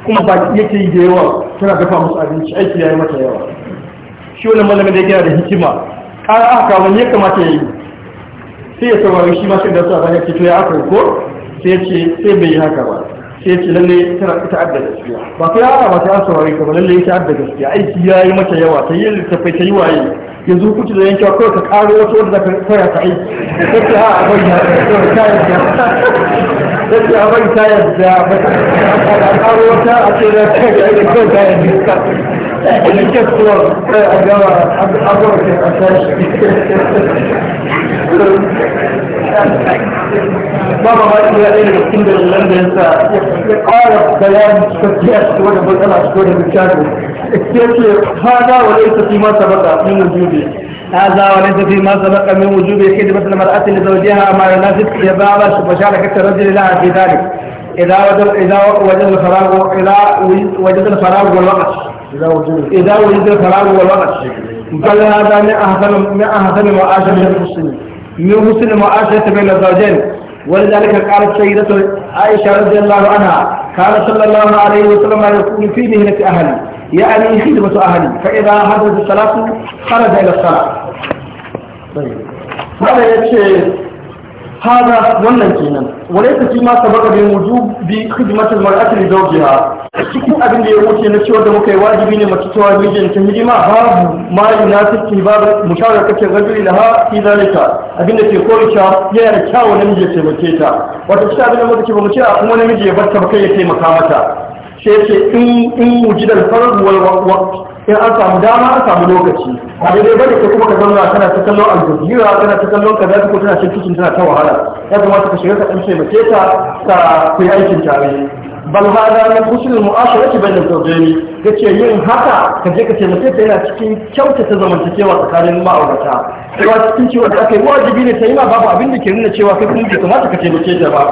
kuma ba yake yi da yawa tana dafa musu abinci aiki ya yi mata yawa shi wani malamin da gina da hikima ƙara aka kawo ya kamata ya yi sai ya saurari shi masu da sa bayan fito ya aka ko sai ya ce sai bai yi haka ba sai ya ce lalle tana ita adda gaskiya ba ku ya haka ba sai an saurari ka ba lalle ita adda gaskiya aiki ya yi mata yawa ta yi littafai ta yi waye yanzu kuci da yankewa kawai ka karo wata wadda zaka ka ta aiki sai ta ha a bari ya ta yi da ke abai ta yadda a karo wata a ce da ta yi da kyau ta yadda a yi kyakkuwar kai a gawa abuwa ke a sashi ba ma ba ya ɗaya daga cikin dalilan da yasa ya ƙara bayani cikakki a cikin wani matsala cikin wani bukatu ya ce hada wa laifin fi masa baka min wujudi هذا وليس فيما سبق من وجوب خدمة المرأة لزوجها ما يناسب إباعة وشاركة الرجل لها في ذلك إذا وجد إذا وجد الفراغ إذا وجد الفراغ والوقت إذا وجد الفراغ والوقت بل هذا من أحسن من أحسن معاشرة المسلمين من المسلم معاشرة بين الزوجين ولذلك قالت سيدة عائشة رضي الله عنها قال صلى الله عليه وسلم ما يكون في مهنة أهلي يعني خدمة أهلي فإذا حدث الصلاة خرج إلى الصلاة طيب هذا يتشير هذا wannan kenan walaita shi ma sabaka bin wujub bi khidmatul mar'ati li zawjiha cikin abin da ya wuce na cewa da muka yi wajibi ne mace cewa mijin ta hidima babu ma yunasib ki babu musharaka ke rajuli laha fi zalika abin da ke kori cewa yana da kyawu namiji ya taimake ta wato abin da muka ba mu ce a kuma namiji ya bar ta ya taimaka mata sai ce in in wujidal farz wal waqt in an samu dama an samu lokaci a daidai bane ka kuma ka zauna kana ta kallon aljazira kana ta kallon kaza ko tana cin cikin tana ta wahala ya kamata ka shiga ka dan taimake ta ta kai aikin tare bal hada na husn al mu'asharati bain al zawjayn yin haka ka je ka taimake ta yana cikin kyauta ta zamantakewa tsakanin ma'aurata cewa cikin cewa da aka yi wajibi ne ta yi ma babu abin da ke nuna cewa kai kuma bai kamata ka taimake ta ba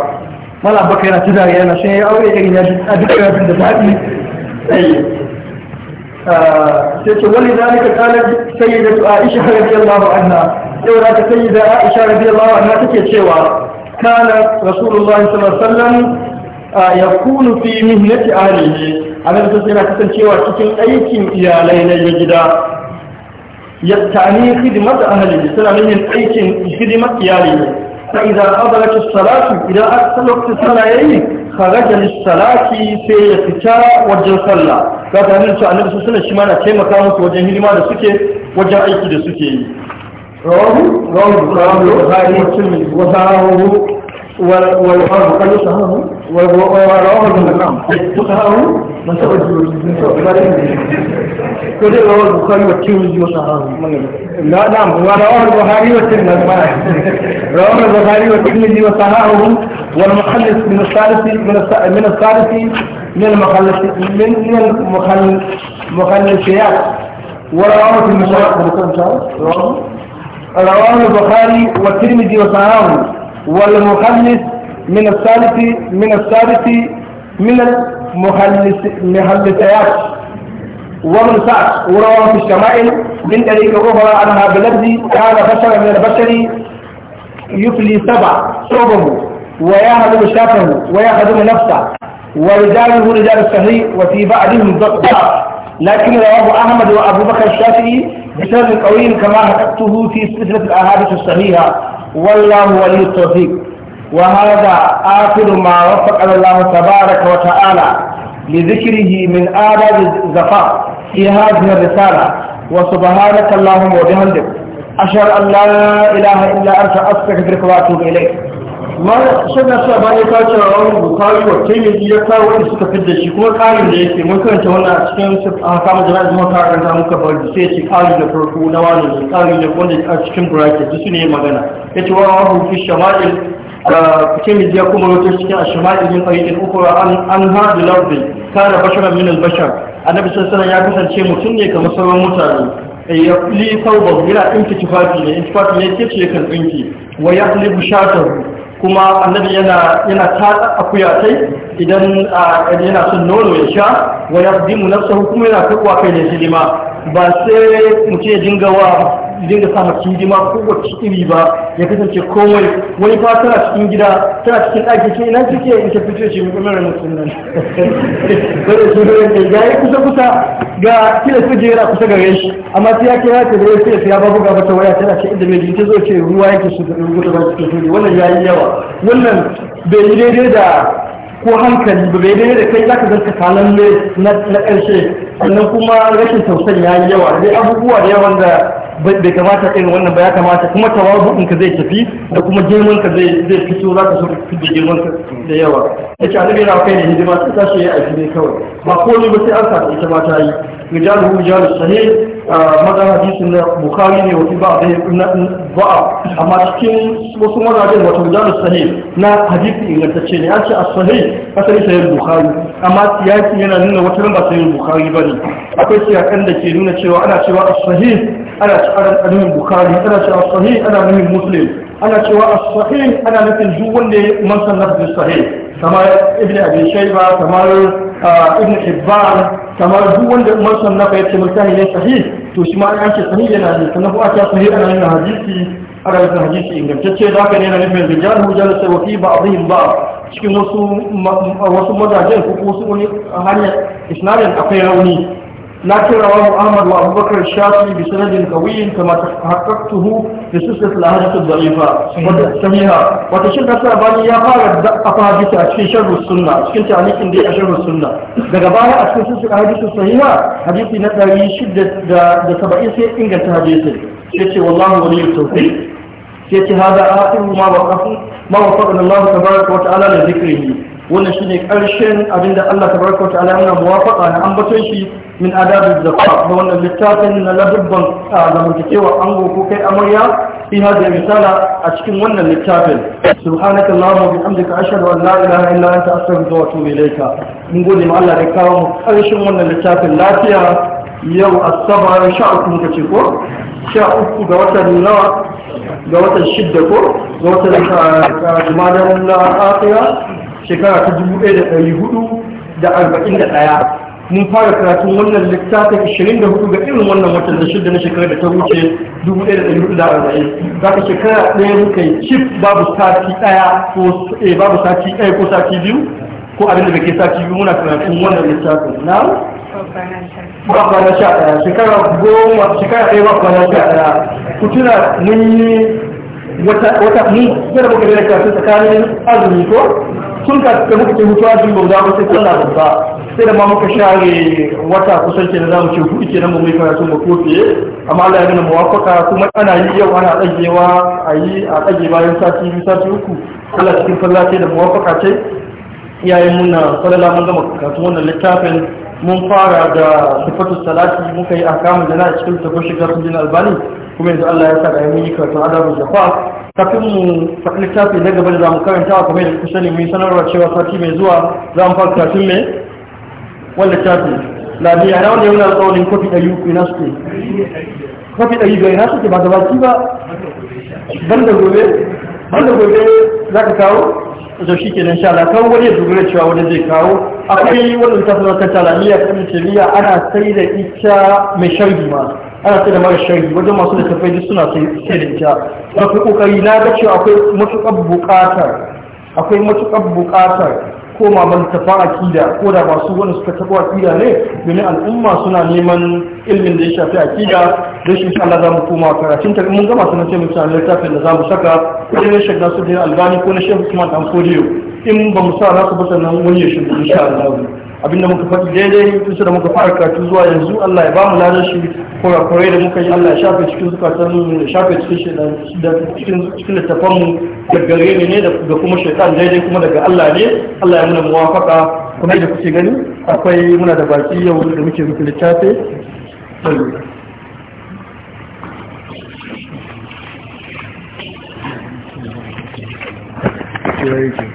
mala baka yana tuna yana sai ya aure irin ya a duk rafin da faɗi ah, sai ce wani da zalika kalar sayyidatu aisha radiyallahu anha yau da ta sayyida aisha radiyallahu anha take cewa kana rasulullahi sallallahu alaihi wasallam ah, yakunu fi mihnati alihi annabi sai yana kasancewa cikin aikin iyalai na gida ya tani khidmat ahlihi suna nufin aikin hidimar iyali فإذا قبلت الصلاة إذا أكثر أكثرت الصلاة يلي خرج للصلاة في سيفتى وجه صلى كذا نرسى أن نرسى صلى شمانا كما كانت وجه هلما دسكي وجه أيكي دسكي رواه رواه البخاري والترمذي وسعاه ويقال قالوا سهموا ورواه البخاري والترمذي وصححه لا نعم رواه البخاري والترمذي وصححه والمخلص من الثالث من من الثالث من المخلص من المخل ورواه المشايخ رواه البخاري والترمذي وصححه والمخلص من الثالث من الثالث من المخلصيات ومن سعد وروى في الشمائل من طريق أخرى أنها بلفظ كان بشرا من البشر يفلي سبع صوبه ويهدم شافه ويهدم نفسه ورجاله رجال الشهري وفي بعدهم ضغط لكن رواه أحمد وأبو بكر الشافعي بسبب قوي كما حكته في سلسلة الأحاديث الصحيحة والله ولي التوفيق وهذا آخر ما وفقنا الله تبارك وتعالى لذكره من آداب الزفاف في هذه الرسالة وسبحانك اللهم وبحمدك أشهد أن لا إله إلا أنت أستغفرك وأتوب إليك suna sa a ya kawo cewa wani bukari wa taimaki ya kawo wanda suka fidda shi kuma karin da yake mun karanta wannan a cikin a kama jana'a zuwa karanta muka bari sai ce karin da farko na wani ne karin da wanda a cikin bracket su ne magana ya ce wa wahu fi shama'il taimaki ya kuma rotar cikin a shama'il yin ƙariƙin ukura an haɗu lardin kare basharar min albashar annabi sassanan ya kasance mutum ne kamar sauran mutane eh, ya li sauba yana ɗinki tufafi ne tufafi ne ke ce kan ɗinki wa ya li bushatahu kuma annabi yana yana ta akuya sai idan yana son nono ya sha wa mu nafsahu kuma yana kuwa kai ne silima ba sai mu ce dinga wa da sa cikin gima ko wacce iri ba ya kasance komai wani fa tana cikin gida tana cikin ɗaki ce ina cike in ta fito ce mutum nan mutum nan wanda shi ne ya yi kusa kusa ga kila jera kusa gare shi amma sai ya kira ta da sai ya babu ga mata waya tana ce inda mai ta zo ce ruwa yake su da rubuta ba su ke wannan ya yi yawa wannan bai yi daidai da ko hankali ba bai da kai ka zanta kanan ne na ƙarshe sannan kuma rashin tausayi ya yi yawa dai abubuwa da yawan da bai kamata irin wannan ba ya kamata kuma tawazu'in ka zai tafi da kuma girman ka zai zai fito za ka so ka fito da girman ka da yawa yace annabi yana kai ne hidima sai tashi ya aiki ne kawai ba komai ba sai an sa ita ma ta yi rijalu rijalu sahi maza hadisin na bukhari ne wafi ba da ba'a amma cikin wasu mazajen wato rijalu sahi na hadisi ingantacce ne an ce as-sahih asali sahih bukhari amma siyaki yana nuna wata ba sahih bukhari ba ne. akwai siyakan da ke nuna cewa ana cewa a sahi. ana ci ana nufin bukari ana ci sahih ana nufin muslim ana cewa as ana nufin duk wanda ya musannaf da sahih kamar ibn abi shayba kamar ibn hibban kamar duk wanda musannaf ya ce mutane ne sahih to shi ma an ce sahih yana ne sannan ko a ce sahih ana nufin hadisi ana nufin hadisi ingantacce da haka ne yana nufin rijalu jalasa wa fi ba'dihim ba cikin wasu wasu mazajen ko wasu wani hanyar isnadin akwai rauni na kira wa mu'amar wa abubakar shafi bi sanadin kawiyin kama ta haƙaƙtu hu da su su la hajjata zarifa samiha wata shi kasa bani ya fara da afa hajjata a cikin sharru sunna cikin tarihin da ya sharru sunna daga baya a cikin su su hajjata sahiha hajjata na ɗari shida da saba'in sai inganta hajjata sai ce wallahi wani yi tofi sai ce hada a haɗin ma wa ƙafin ma wa faɗin allahu tabaraka wa ta'ala da wannan shi ne ƙarshen abinda Allah Ta wa ta'ala yana muwafaqa na ambaton shi min adabin zakka da wannan littafin na labibban zamantakewa ango ko kai amarya fi hadhihi misala a cikin wannan littafin subhanaka allahumma bihamdika ashhadu an la ilaha illa anta astaghfiruka wa atubu ilayka mun gode ma Allah da kawo mu ƙarshen wannan littafin lafiya yau asabar sha uku muka ce ko sha uku ga watan nawa ga watan shidda ko ga watan juma'a na akhira shekara ta dubu ɗaya da ɗari hudu da arba'in da ɗaya mun fara karatun wannan littafin ashirin da hudu ga irin wannan watan da shida na shekarar da ta wuce dubu ɗaya da ɗari hudu da arba'in za ka shekara ɗaya muka yi cif babu sati ɗaya ko eh, babu sati ɗaya ko sati biyu ko abin da bai kai sati biyu muna karatun wannan littafin na ba kwana sha ɗaya shekara goma shekara ɗaya ba kwana sha ɗaya ku tuna mun yi wata mun kira muka da karatu tsakanin azumi ko sun ka da muka ce mutuwa shi ba za mu sai sallah da ba sai da ma muka share wata kusan kenan za mu ce hudu kenan mu mai karatu mu kofe amma Allah ya nuna muwafaka kuma ana yi yau ana tsagewa a yi a tsage bayan sati biyu sati uku Allah cikin sallah ce da muwafaka ce iyayen muna sallah mun gama karatu wannan littafin mun fara da sifatu salati muka yi a kama da na cikin tafi shiga kudin albani kuma yanzu Allah ya da mun yi karatun adabu jafa kafin mu faɗi littafi na gaba da zamu karanta kuma da kusa ne mun sanarwa cewa sati mai zuwa za mu fara tafi mai wanda tafi labiya na wanda yana tsawon kofi ɗari uku ina suke kofi ɗari biyar ina suke ba baki ba banda gobe banda gobe za ka kawo to shi ke nan shala kawo wani dogara cewa wani zai kawo akwai wani littafin kan talamiya kan taliya ana sai da ita mai sharhi ma ana sai da mara sharhi wajen masu da tafai duk suna sai da ita ba ku kokari na ga cewa akwai matuƙar buƙatar akwai matuƙar buƙatar ko ma ban tafa akida ko da masu wani suka tafi akida ne domin al'umma suna neman ilmin da ya shafi akida da shi insha Allah za mu koma karatun ta mun gama sanan sai mu sa littafin da za mu saka ko ne Sheikh yin Albani ko na Sheikh kuma Dan Kodiyo in ba mu sa su ba sannan wani ya shi insha Allah abinda muka faɗi daidai kusa da muka fara karatu zuwa yanzu Allah ya ba mu ladan shi kurakurai da muka yi Allah ya shafe cikin zukatan mu ya shafe cikin shaitan cikin cikin littafan mu daga gare ne da kuma shaitan daidai kuma daga Allah ne Allah ya muna muwafaka kuma da kuke gani akwai muna da baki yau da muke rufe littafi Thank you.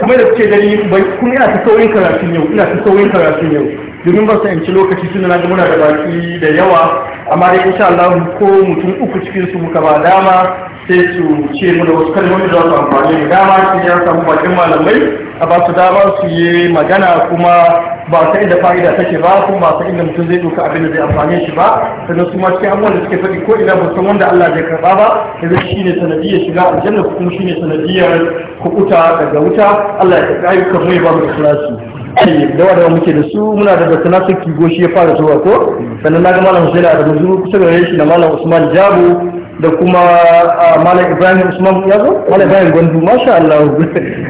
kamar da suke gani kun ina ta saurin karatun yau ina ta saurin karatun yau domin ba yanci lokaci suna na muna da baki da yawa amma dai insha Allah ko mutum uku cikin su muka ba dama sai su ce mu da wasu kalmomi da su amfani da dama su ya samu bakin malamai a ba su dama su yi magana kuma ba ta inda fa'ida take ba kuma ba ta inda mutum zai duka abin da zai amfani shi ba sannan su cikin abubuwan da suke faɗi ko ina ba wanda Allah zai karɓa ba yanzu shi ne sanadiyar shiga aljanna kuma shi ne sanadiyar kukuta daga wuta Allah ya karɓi ayyukan mu ya ba mu ikhlasi da wadda muke da su muna da dr nasir kigo shi ya fara zuwa ko sannan na ga malam hussein a daga zuru kusa da shi da malam usman Jabu da kuma malam ibrahim usman ya zo malam ibrahim gwandu masha allah [laughs]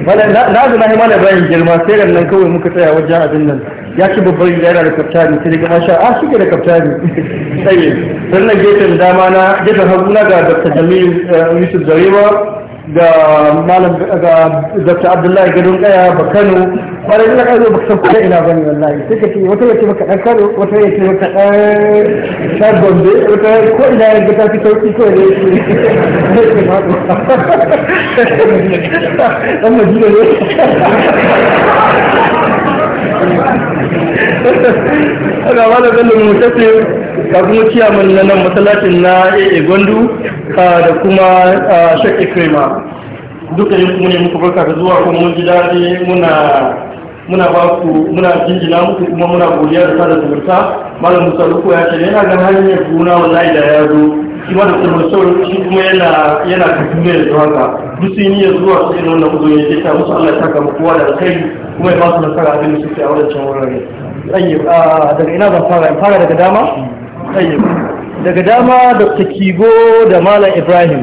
na ga yi malam ibrahim girma sai ran nan kawai muka tsaya wajen abin nan ya ci babbar gida yana da kaftani sai daga masha a ah, shi da kaftani [laughs] sai sannan gefen dama na gefen hagu na ga dr jamilu eh, yusuf zarewa ga malam ga dr abdullahi gadon kaya ba kano kwarai da kano ba san kuma ina bane wallahi sai ka ce wata yace maka dan kano wata yace maka dan shar gombe wata ko ina ya ga tafi sauki ko ne dan [laughs] majina ne [laughs] ga malam da mu tafi ka kuma ciyaman na nan masallacin na AA Gondu da kuma Sheikh Ikrima duka yin kuma ne muku barka da zuwa kuma mun ji daɗi muna muna ba ku muna jinjina muku kuma muna godiya da sada zumunta malam Musa Luko ya ce yana ganin hanyar buna wallahi da ya zo shi ma da tsoron shi kuma yana yana kafin da haka duk sun yi zuwa su irin wannan kuzo ya ce ta musu Allah ya saka mu kowa da kai kuma ya ba su nasara abin su suke a wadancan wurare tsayyib ah, daga ina zan fara in fara daga dama tsayyib daga dama da ta kibo da malam ibrahim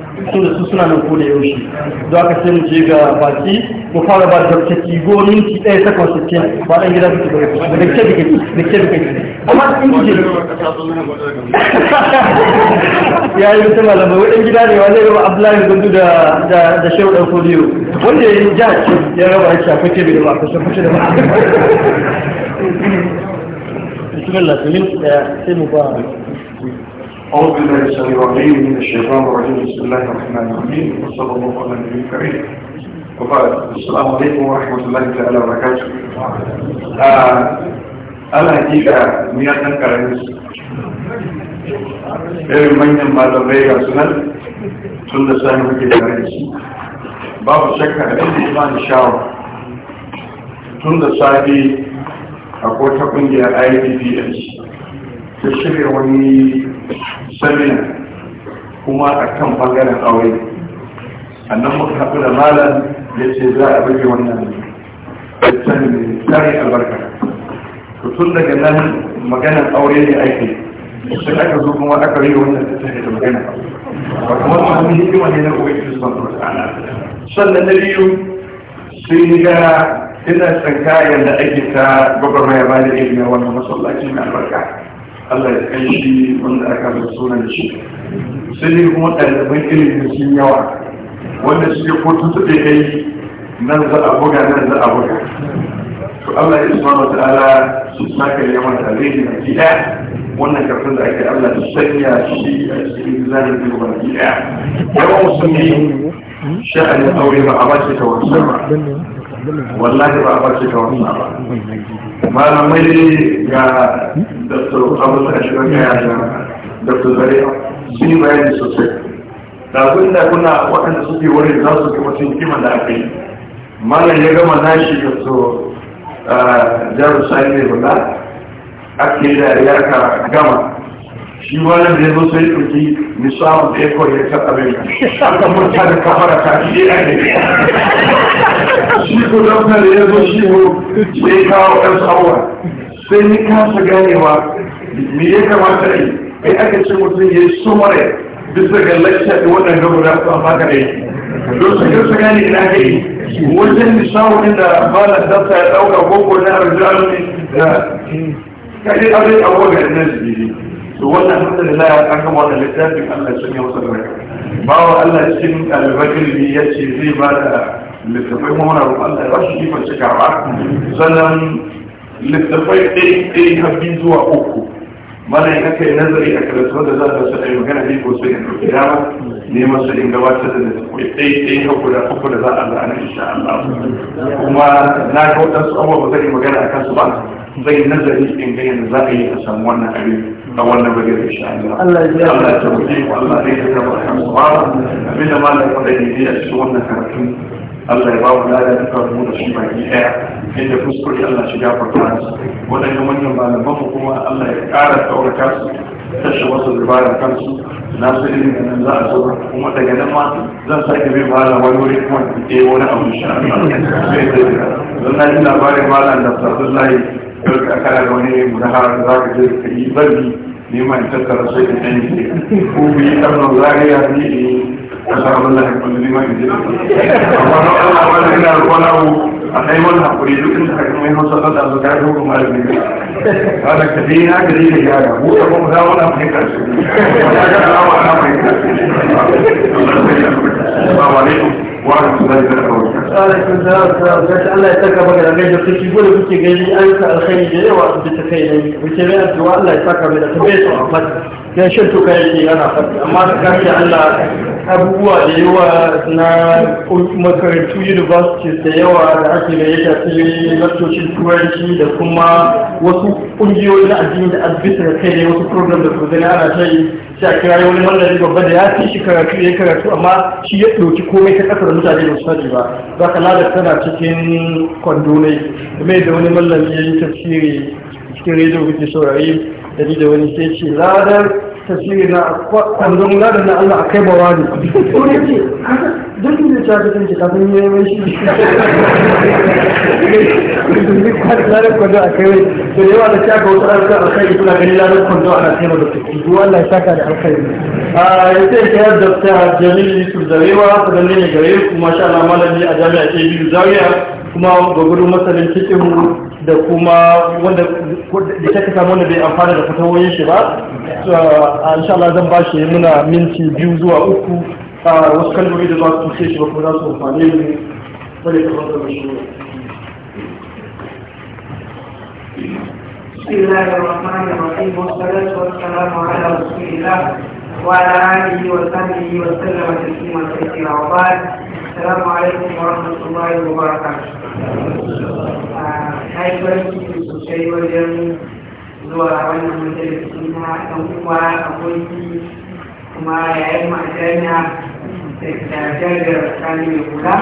su da su suna nan ko da yaushe don aka sai mu je ga baki mu fara ba da kaki gonin ki ɗaya takwas sittin ba ɗan gida kuke bari da ke da ke da ke da ke amma in ki je ya yi mutum malamai wadan gida ne wanda ya abdullahi gundu da da da shehu ɗan kodiyo wanda ya ja ya raba ya shafa ce bai da ba ka shafa ce da ba bismillah sai mu ba أعوذ بالله السميع العليم من الشيطان الرجيم بسم الله الرحمن الرحيم وصلى الله على النبي الكريم وبعد السلام عليكم ورحمة الله تعالى وبركاته أنا آه، حقيقة مياتنا كرمس إيه من يما لبيع سنة سنة سنة كده كرمس باب شكا عندي إيمان الشاور سنة سنة أقول تقنية IDPS تشري وني seminar kuma a kan bangaren aure annan muka haɗu da malam ya ce za a rage wannan can tare albarka to tun daga nan maganar aure ne aiki sai aka zo kuma aka rage wannan tattare da magana ba kuma wani hikima ne na ubangiji subhanahu wataala sannan na biyu sai ni ga ina tsanka yadda ake ta gwagwarmaya ba da ilimin wannan masallaci mai albarka Allah ya kai shi wanda aka da sunan shi sai ne kuma ɗaliban ilimin sun yawa wanda shi ko tuntuɓe kai nan za a buga nan za a buga to Allah ya isa wa ta'ala su saka mata alheri na gida wannan karfin da ake Allah ya sanya shi a cikin zanen da yawan gida yawan musulmi sha'anin aure ba a ba ce ta wasu ba wallahi ba a ba ce ta wasu ba malamai ga dr abu sashirar kaya da dr zariya sun yi bayani sosai da kun da kuna waɗanda suke wurin za su kuma sun kima da aka yi malam ya gama nashi da so jaru sani ne bula ake da ya ka gama shi ma nan da ya zo sai ɗauki da ya koyi ya san abin ka murta da kafara ya ne shi ko da ya shi ko kawo ɗan sai ni kasa ganewa me ya kamata yi kai aka ce mutum ya yi sumare bisa ga lakta da waɗanda guda su amma ka su ka da malam ya ɗauka تقول الحمد لله أكم وأنا لسان بك أن الشيء يوصل لك ما هو أن الشيء البكر يأتي فيه بعد للتفاهم هنا وقال لا رشي كيف الشكع معك سلم للتفاهم إيه إيه هبين زوا أوكو ما لا يكاك نظري أكلت هذا ذات بسرعي مكان فيك وسيئن القيامة نيما سيئن دوات سيئن التفاهم إيه إيه هبو لا أوكو لذا الله أنا إن شاء الله وما ناكو تسأمو بذلك مكان أكاس بعض زي النظري إن جاي نظري أسمونا أبيه a wannan bagare insha Allah Allah ya tabbata ku Allah ne ya tabbata mu ba abinda malam faɗa ne a cikin wannan karatu Allah ya ba mu ladan duka mu da shi baki ɗaya inda kuskure Allah shi gafarta su waɗannan manyan malaman ku kuma Allah ya ƙara tsaurata su Tashi wasu dabarar kansu na su iri da nan za a kuma daga nan ma zan sake bin bala wani wuri kuma da ke wani abu shi a kan sai da don na ji labarin bala da sabbin layi kar ka kana da wani mudahara da za ka je ka yi bari neman tattara sai da ɗan ke ko bi ɗan zariya ne a sabon da haifar neman da jirgin amma na Allah wani ina da wani abu a kai wani haƙuri duk inda ka kuma yi hausa da da zuka yi hukuma da jirgin ba da ka dai na gari da yara da kuma za wani abu karshe ba ta ga alama ana mai karshe ba wa ne Allah ya saka maka da gaji kuke gole kuke gaji an ka alkhairi da yawa da ta kai ne kuke mai addu'a Allah ya saka mai da ta bai so a fata ya shirtuka yake yana faɗi amma da kafin allah abubuwa da yawa na makarantu university da yawa da ake da ya shafi lantocin turanci da kuma wasu ƙungiyoyi na addini da da kai ne wasu program da su zane ana shayi sai a kira wani mallari babba da ya fi shi karatu ya karatu amma shi ya ɗauki komai ta ƙasar mutane da su sani ba za ka lada tana cikin kwandonai ne game da wani mallari ya yi tafsiri cikin rediyo kuke saurari da ni da wani sai ce ladar tasiri na kwallon ladar na Allah a kai ba wani wani ce duk da ta fitin ce kafin yi mai shi ladar kwandon a kai wai to yawa da shaka wasu alka a kai suna gani ladar kwandon ana kai da kuɗi ruwan na shaka da alkai a ya ce ta yadda ta jami'in yusuf zarewa sananne ne gare kuma sha Allah malami a jami'a ce biyu zaria kuma gwagwado masanin cikin da kuma wanda da take samu wanda bai amfana da fatawoyin shi ba insha Allah zan bashi muna minti biyu zuwa uku a wasu kalmomi da za su ce shi ba kuma za su amfane bare ka kamar da shi بسم الله الرحمن الرحيم والصلاة والسلام على wa الله wa آله وصحبه وسلم تسليما كثيرا وبعد a'laikum wa ورحمة الله وبركاته na yi farin ciki sosai wajen zuwa wannan majalisi na ɗan uwa aboki kuma yayin majanya da jirgin tsari mai kula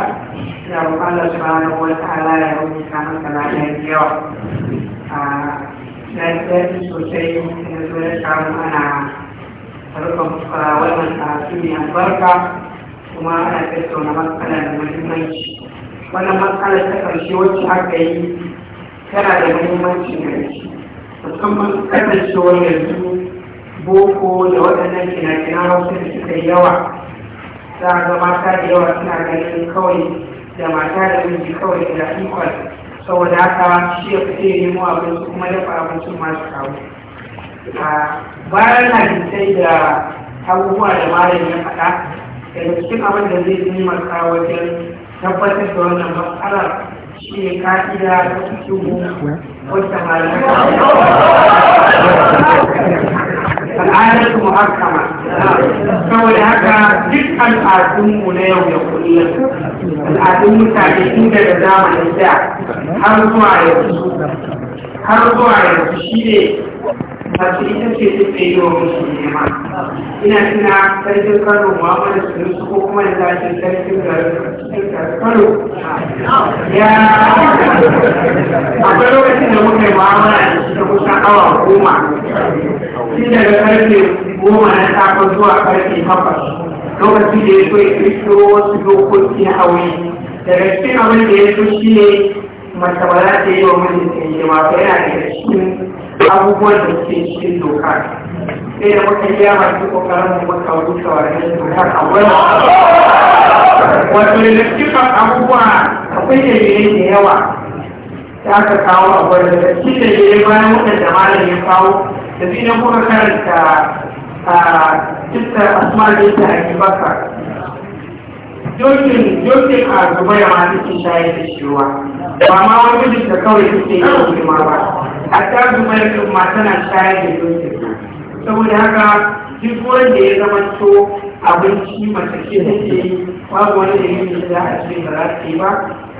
ya bukala su ba na wata ala ya rubuta masa na ɗan yawa a yi sosai na zuwa samu ana rufe wannan a su albarka kuma ana tattauna matsalar muhimmanci wannan matsalar ta ƙarshe wacce aka yi tana da muhimmanci da shi musamman kasancewar yanzu boko da waɗannan kina-kina wasu da suka yi yawa za a zama mata da yawa suna ganin kawai da mata da miji kawai da ikon saboda haka shi ya fi nemo abinci kuma dafa abincin masu kawo bayan jinsai da abubuwa da malam ya faɗa daga cikin abin da zai taimaka wajen tabbatar da wannan matsalar shi ne saboda haka duk al'adunmu na yau da kullum al'adun mutane tun daga zamanin da har zuwa yanzu har zuwa yanzu shi ne wato ita ce take yi wa musulmi ma ina tuna sarkin kano muhammad sunusu ko kuma da zafi sarkin kano ya akwai lokacin da muka yi mu'amala da shi ta kusan awa goma shi daga karfe goma na safe zuwa karfe takwas lokaci da ya so ya kirkiro wasu dokoki na aure daga cikin abin da ya so shi ne mace ba za ta yi wa mijinta hidima ba yana daga cikin abubuwan da ke cikin doka sai da wata yi yawa ke kokarin mu wata wuce wa rashin doka a wani wato da cikin abubuwa akwai da yare da yawa ta aka kawo a wani da cikin da yare bayan waɗanda malam ya kawo da bi na kuka karanta a ah, cikin asma da yake a baka dokin dokin a gaba ya ma suke shayar da shi ba ma wani mijin da kawai suke yi girma ba hatta zuba ya kan ma tana shayar da dokin saboda haka duk wanda ya zama to abinci mace ce take yi babu wani da yi da za a ce ba za yi ba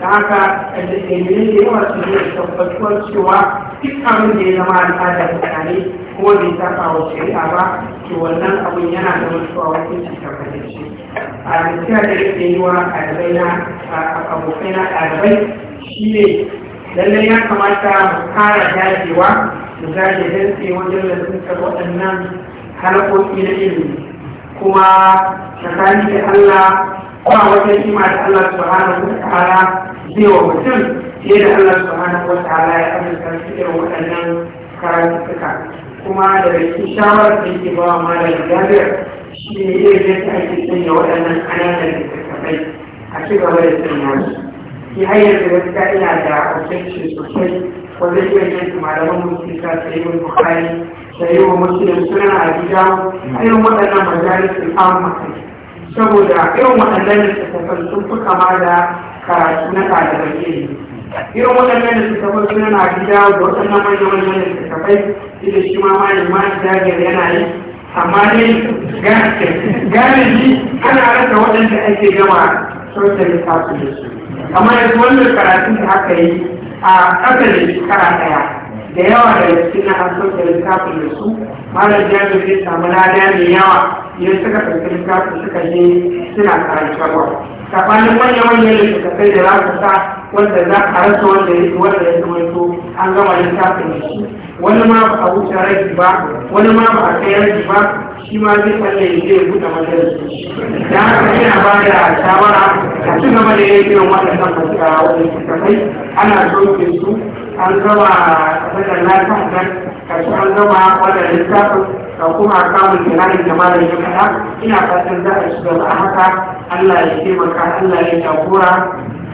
da haka dalilin da yawa su ne tabbatuwar cewa duk abin da ya zama al'adar mutane kuma bai saba wa shari'a ba to wannan abin yana da wasu hukunci tabbatacce a gaskiya da yake yi wa ɗalibai na abokai na ɗalibai shi ne lallai ya kamata mu kara dajewa mu zage dantse wajen lantarkar waɗannan harkoki na ilimi kuma tsakanin da allah ba wata kima da Allah subhanahu wa ta'ala zai wa mutum fiye da Allah subhanahu wa ta'ala ya amince shi irin waɗannan karantuka kuma da cikin shawarar da yake ba wa malam jami'ar shi ne irin yadda ake sanya waɗannan ƙananan littattafai a ci gaba da sanya su ki hanyar da gaskiya ina da objection sosai wajen iya yin malaman musulunci ta yi wa bukari da yi wa musulun suna a gida irin waɗannan majalisun amma saboda irin waɗannan littattafan sun fi kama da karatu na ɗalibai ne irin waɗannan littattafan suna na gida da waɗannan manya-manyan littattafai da shi ma malin ma jagir yana yi amma gane galibi ana rasa waɗanda ake gama sauke littafi da su amma yanzu wannan karatun da aka yi a ƙasa da shekara ɗaya da yawa daga cikin na an sauke littafin da su malam jami'in zai samu lada mai yawa idan suka ɗauki littafin suka je suna karantarwa tsakanin manya-manyan littattafai da za ka sa wanda za a rasa wanda ya wanda ya zamanto an gama littafin da shi wani ma ba a wuce rage ba wani ma ba a kai rage ba shi ma zai tsalle ya je buɗe majalisi da haka yana ba da shawara a ci gaba da yin irin waɗannan masu littattafai ana sauke su an gama wajen lafiyan nan kashi an gama wajen littafin da kuma samun kiranin da malam ya faɗa ina fatan za a shiga a haka Allah ya taimaka Allah ya jagora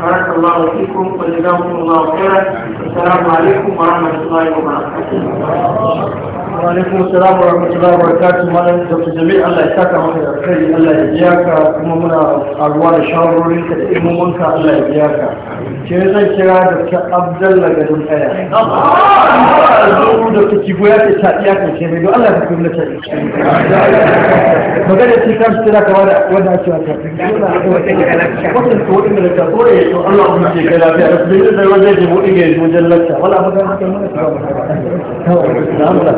بارك الله فيكم وجزاكم الله خيرا والسلام عليكم ورحمة الله وبركاته وعليكم السلام ورحمة الله وبركاته مالك دكتور جميل الله الخير الله يجياك الله يجياك كيف دكتور حياة دكتور كيف الله لك سلاك وانا [laughs] وانا أشياء Allah kuma ce kai lafiya da kuma da wanda ya ɗige wala haka mana kawo ko mana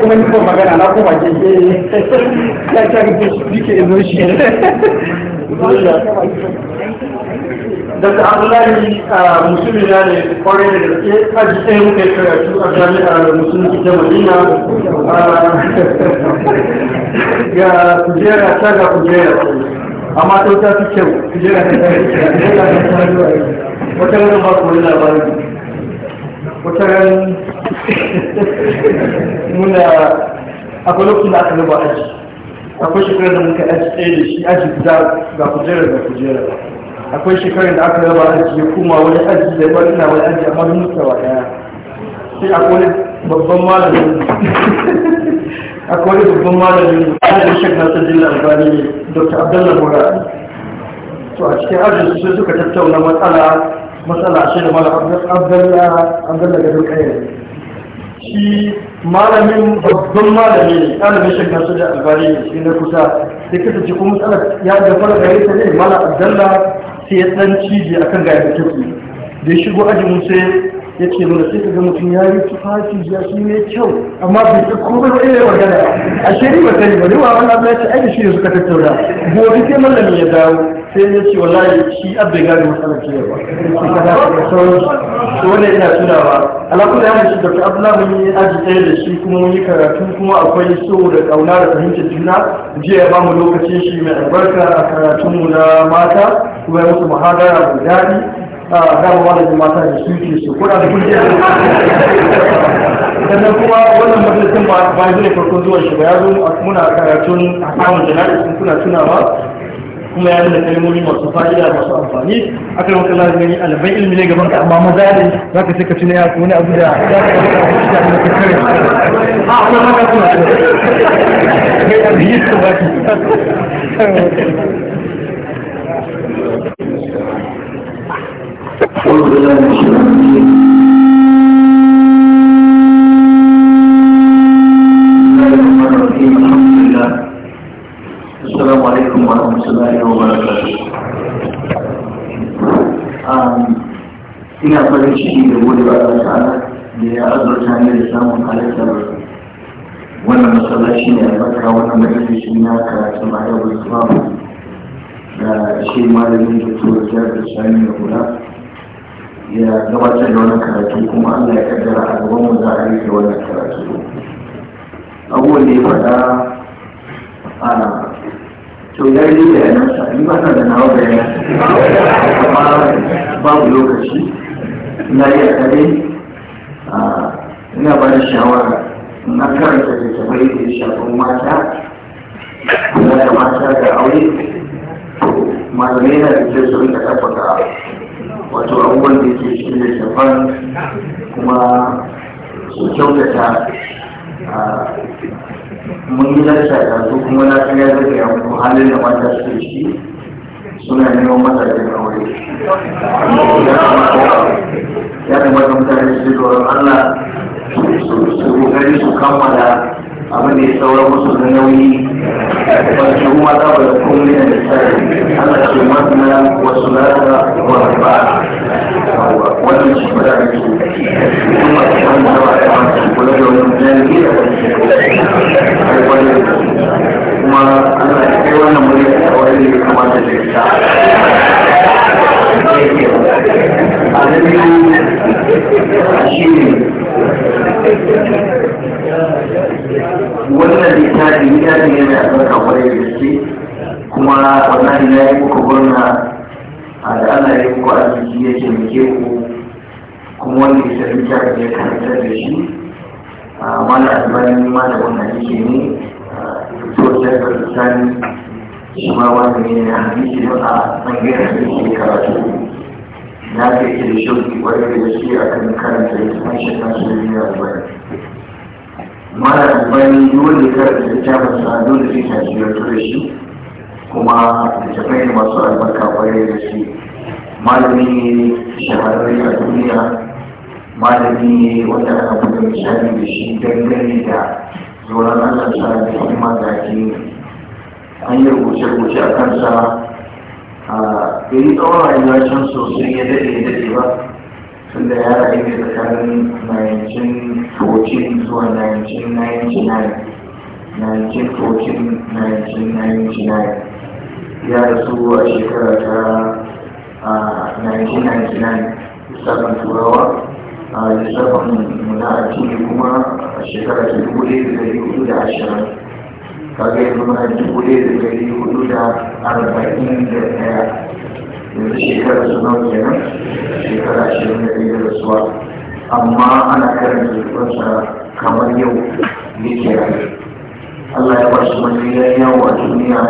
kuma ni ko magana na ko ke ya ta ga dike shi Abdullahi musulmi ne da gaske aji ɗaya muka yi karatu a jami'ar musulmi ta Madina ga kujera ta ga kujera amma ta wuta su kyau su jira ta tare wata ranar ba ku labarin wata ran muna akwai lokacin da aka raba aji akwai shekarar da muka aji ɗaya da shi aji guda ga kujerar da kujerar akwai shekarar da aka raba aji ya kuma wani aji da wani na wani aji amma mun mutuwa ɗaya sai akwai babban malamin akwai wani malamin malami da shek ta jilla albani ne dr abdullah mura to a cikin ajin su suka tattauna matsala matsala shi da malam abdullah abdullah duk kayan shi malamin babban malami ne ɗalibin shek nasar jilla albani ne shi na kusa da kasa ci kuma matsala ya gafara gare ta ne malamin abdullah sai ya tsanci cibi akan gaya da tafi da ya shigo ajin sai ya ce mana sai ka ga mutum ya yi tufafi ya shi ne kyau amma bai ta komai ba iya magana a shiri ba sani ba ne wa wani abu ya ce ai da shi ne suka tattauna gobe sai mallami ya dawo sai ya ce wallahi shi abin gado matsalar ke yawa da wannan ina tunawa alaƙul ya shi da abdullahi mun yi aji ɗaya da shi kuma mun yi karatu kuma akwai so da ƙauna da fahimtar juna jiya ya ba mu lokacin shi mai albarka a karatunmu na mata kuma ya mutu muhadara mai daɗi dawowa ah, da mata da su ke su kuna da kujiya sannan kuma wannan majalisun ba ya zai farkon zuwan shi ba ya zo muna karatun a samun jana'i sun kuna tunawa kuma ya nuna kalmomi masu fa'ida masu amfani a wata lalata gani ilmi ne gaban ka amma maza ne za ka saka tuna ya wani abu da za ka saka shi da kare a akwai maka suna da kai arziki su ba ki أعوذ بالله من الشيطان الرجيم da gode wa Allah da ya azurta ni da samun halittar wannan masallaci ne albarka wannan majalisi na karatu ma yau da shi malamin da tura jihar da sani da kula ya gabatar da wannan karatu kuma allah ya kaddara a gaban mu za a rufe wannan karatu abubuwan da ya faɗa a to ya yi da yana sa ni ba na da nawa da yana amma babu lokaci na yi a kare ina ba da shawara na karanta da tabai da ya shafi mata da mata da aure malamai na da kyau su rika tabbata wato abubuwan da ke shi da shafan kuma su kyautata mun yi lafiya da su kuma na ya da ya muku halin da mata su shi suna neman mazajen aure ya kamata mutane su tsoron allah su kokari su kammala abinda ya saura musu da nauyi ba su kuma za ba da kuma komai da tsari ana ce masana wasu lada wa ba wannan shi ba da su kuma su kan da ba da masu kula da wani jami'i da wani kuma ana kai wannan murya a wani da ya kamata da ya sa na wannan littafi littafi ne mai albarka kwarai da gaske kuma wallahi na yi muku gwamna a da ana yi muku arziki ya taimake ku kuma wanda ya sarri ta da ya karanta da shi a mana albani ma da wannan yake ne to da sani shi ma wanda ne na hadisi a bangaren da ke karatu na ke ke da shauki kwarai da shi a kan karanta ya kuma shi kan su yi albani mara bani dole karanta su sa dole sai ta ziyartu da shi kuma da ta ne masu albarka kwarai da shi malami ne shahararri a duniya malami ne wanda ana buga misali da shi dangane da zuwa Allah sa da kuma da yi. an yi rubuce-rubuce a kansa ke yi tsawon rayuwa can sosai ya daɗe ya daɗe ba tunda ya rayu da tsakanin 1914 zuwa 1999 1914-1999 ya rasu a shekara ta 1999 lissafin turawa a lissafin muna a kuma a shekara ta 1420 kaga yanzu muna dubu ɗaya da ɗari hudu da arba'in da ɗaya yanzu shekara su nawa kenan shekara ashirin da ɗaya da rasuwa amma ana karanta zubansa kamar yau yake rayu Allah ya ba shi wani yawo a duniya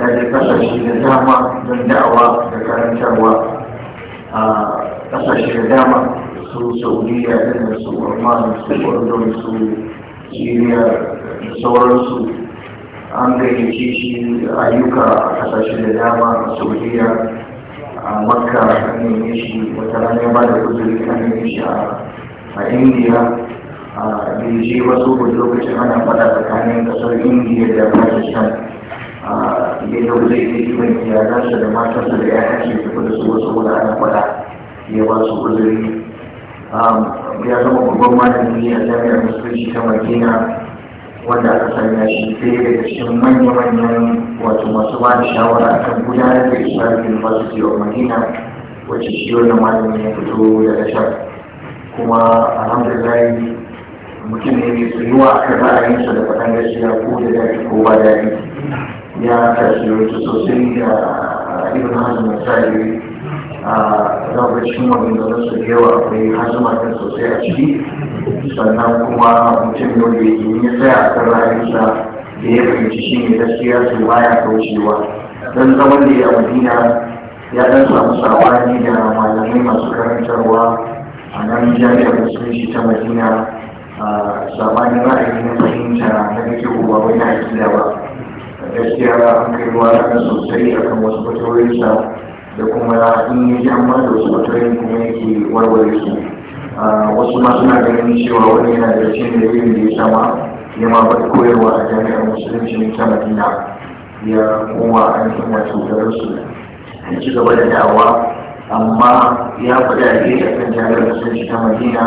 ya je ƙasashe da dama don da'awa da karantarwa a ƙasashe da dama su saudiya irin su urman su urdun su syria da sauransu an gayyace shi ayyuka a kasashe da dama a saudiya a makka an neme shi wata rana ba da kuzuri an neme shi a indiya a beji wasu wani lokacin ana fada tsakanin kasar indiya da pakistan ya yau zai yi kiwon iyalansa da matansa da ya kashe ta da su wasu wani ana fada ya ba su kuzuri ya zama babban malami a jami'ar musulunci ta madina wanda aka sanya shi sai da cikin manya-manyan wato masu ba da shawara a kan gudanar da isra'il university of madina wacce shi wannan malamin ya fito da tashar kuma alhamdulillah mutum ne mai tsayuwa a kan ra'ayinsa da faɗan gaskiya ko da daɗi ko ba daɗi ya tasirantu sosai da ibn hazm misali za ku cikin maganganun su yawa akwai hasuma kan sosai a ciki sannan kuma mutum yau da yake ya tsaya a kan rayuwarsa da ya fahimci shi ne gaskiya su baya kaucewa don zaman da ya madina ya dan samu sabani da malamai masu karantarwa a nan jami'ar shi ta madina sabanin ra'ayi na fahimta na kake ba wani aƙida ba gaskiya an kai ruwa sosai kan wasu fatorinsa da kuma in yi amma da wasu mutane kuma yake warware su ah, wasu ma suna ganin cewa wani yana da cin da yin da ya sama ya ma ba koyarwa a jami'ar musulunci ne ta madina ya kuma an yi wato cutar su ya ci gaba da dawa amma ya faɗi a gefe kan jami'ar musulunci ta madina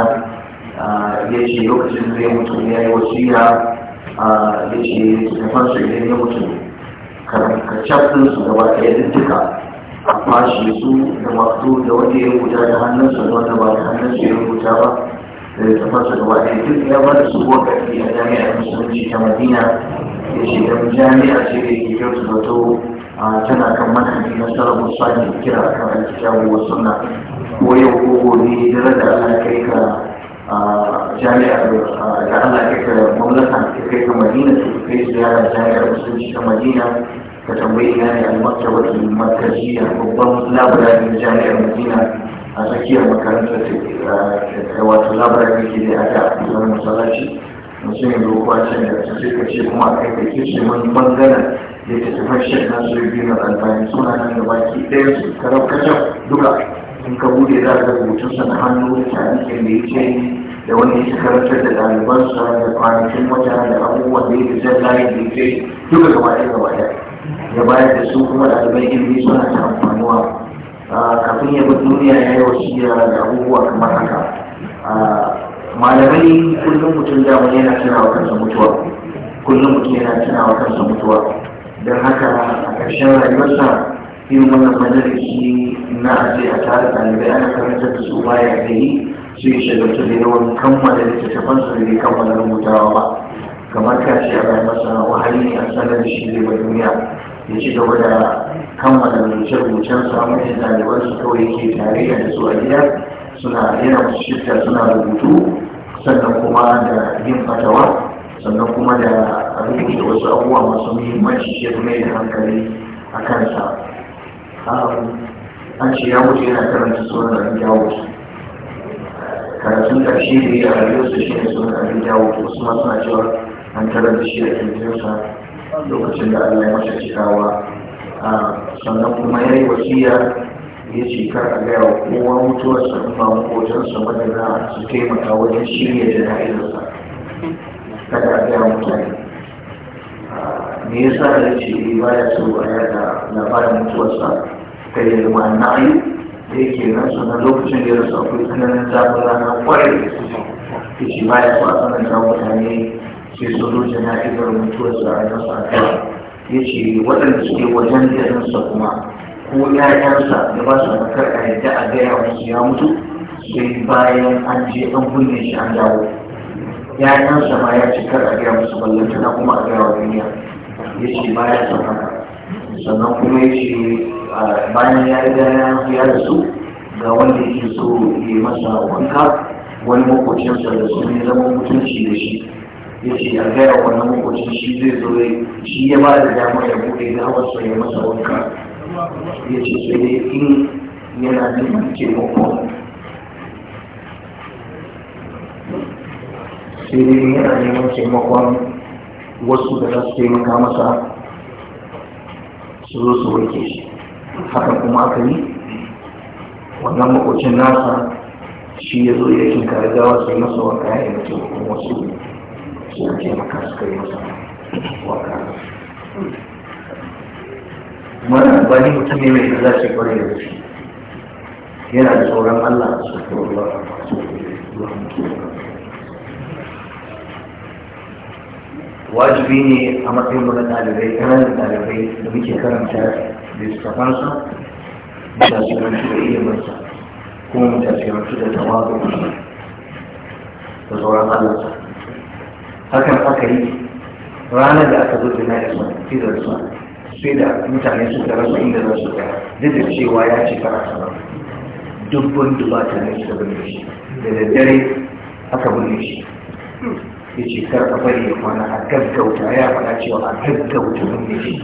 ah, ya ce lokacin da ya mutu ya yi wasiya ah, ya ce tafansu idan ya mutu sun su gaba ɗaya duka a su da masu da wanda ya rubuta da hannunsa wanda ba da hannunsa ya rubuta ba da tafarsa da wani duk ya ba da su kuwa ƙarfi a jami'ar musulunci ta madina ya da jami'a ce da ke kyautu zato tana kan manhaji na sarrafa sani kira kan alkitabu wa sunna ko yau ko gobe dare da Allah kai ka jami'ar da Allah kai ka mamlaka kai ka madina kai ziyara jami'ar musulunci ta madina ka tambayi na ne maktabar markaziya babban laburare jami'ar madina a tsakiyar makarantar ta wato labarin da ke da aka a kusurin masallaci mutum ya dokuwa can da su sai kuma a kai ka ke wani bangaren da ke tafar shan na biyu na albani suna nan da baki ɗaya su karau kacau duka in ka buɗe za ka rubutunsa na hannu da tarihin da ya ce da wanda ya karantar da ɗalibansa da kwanakin wata da abubuwan da ya ke zan layin da ya ce duka gaba ɗaya gaba ya bayar da su kuma albai ilimi suna ta amfanuwa ah, kafin ya duniya ya yi wasiya da abubuwa kamar haka ah, malamai kullum mutum damar yana tunawa kansa mutuwa kullum mutum yana wa kansa mutuwa don haka a ƙarshen rayuwarsa yin wannan shi na aje a tare ɗalibai ana karanta da su baya da yi su yi shagaltu da yawan kammala littattafansa su da bai kammala rubutawa ba kamar kashi a bayan masa wahali a sanar da shi zai duniya ya ci gaba da kammala rubuce-rubucen su amma da ɗaliban su kawai yake tare da su a gida suna yana su shifta suna rubutu sannan kuma da yin fatawa sannan kuma da rubuta wasu abubuwa masu muhimmanci shi kuma da hankali a kansa an ce ya mutu yana karanta sunan abin dawo karatun ƙarshe da ya rayuwarsa shi ne sunan abin dawo wasu ma suna cewa an karanta shi a kirkinsa lokacin da Allah ya masa cikawa sannan kuma ya yi wasiya ya ce kar a gaya wa kowa mutuwarsa kuma ba sa wanda za su taimaka wajen shirya jana'izarsa kada a gaya mutane me ya yasa ya ce eh, ba ya su baya da labarin mutuwarsa kai ya zama na'ayi da yake nan sannan lokacin da ya rasu akwai tsananin zafin rana kwarai da su ya ce ba ya a a da mutane sai su zo jana'izar mutuwarsa a nan sa ya ce waɗanda suke wajen garinsa kuma ko ‘ya'yansa da ba su makar a yadda a gaya wasu ya mutu sai bayan an je an kunne shi an dawo ‘ya'yansa ma ya ce kar a gaya musu tana kuma a gaya wa duniya ya ce ba ya san haka sannan kuma ya ce bayan ya riga ya ya rasu ga wanda yake so ya masa wanka wani makocinsa da sun zama mutunci da shi ya ce ya gaya wa wannan makwacin shi zai zo shi ya ba da dama ya buɗe na wasu ya masa wanka ya ce sai dai in yana neman taimako sai dai yana neman taimakon wasu da za su taimaka masa su zo su wanke shi haka kuma aka yi wannan makocin nasa shi ya zo yakin kare gawa sai masa wanka ya yi mutum wasu sun ce maka suka yi masa waka mana wani mutum ne mai za ce kwarai da shi yana da tsoron Allah su kuma ruwa wajibi ne a matsayin mu na ɗalibai ƙananan ɗalibai da muke karanta littafansa da tasirantu da iliminsa kuma mu tasirantu da tawazu da tsoron Allah hakan aka yi ranar da aka zo da na isma sai da rasuwa sai da mutane suka rasu inda za su tsaya duk da cewa ya ce fara sama dubban dubata ne suka binne shi da daddare aka binne shi ya ce kar a bari ya kwana a gaggauta ya faɗa cewa a gaggauta binne shi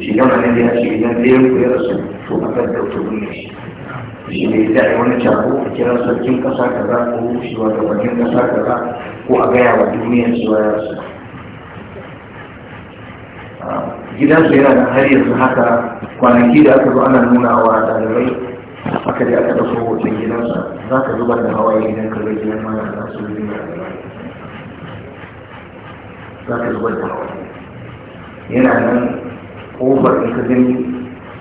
shi gama ne ya ce idan da ya rasu to a gaggauta binne shi shi ne da wani taro a kira sarkin kasa kaza ko shiwa da bakin kasa kaza ko a gaya wa duniya cewa ya rasu gidansu yana da har yanzu haka kwanaki da aka zo ana nuna wa ɗalibai aka je aka ɗauko hoton gidansa za ka zubar da hawaye idan ka zai gidan mana da su yi da za ka zubar da hawaye yana nan ƙofar in ka gani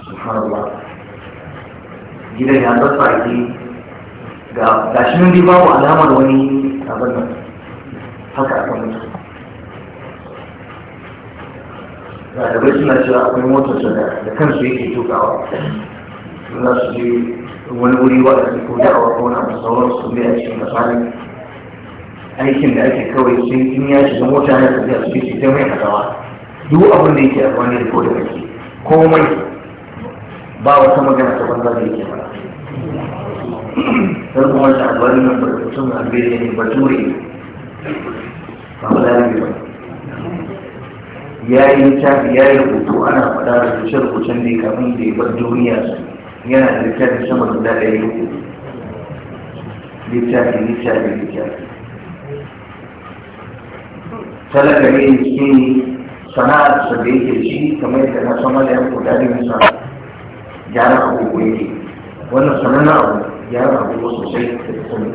su fara gidan ya ke ga shi nan babu alamar wani abin nan haka aka mutu bai suna cewa akwai motar motarsa da kansu yake tukawa suna su je wani wuri wa da ko da'awa ko na sauran su ne a cikin tsakanin aikin da ake kawai sun yi ya shiga mota ne tafiya su ke ta mai kasawa duk abin da yake a wani ko da kake komai ba wata magana ta banza da yake ba sai kuma da alwari nan ba mutum a gare ne ba ture ba ba lari ba ya yi littafi ya yi rubutu ana faɗa da rubuce-rubucen ne kafin da ya bar duniya yana da littafi sama da daɗa yi littafi littafi littafi talaka ne cikin sana'ar da yake shi kamar da na sama da yan kudaden sana'a gyara agogo yake wannan sanannen abu gyara abubuwa sosai da ta sani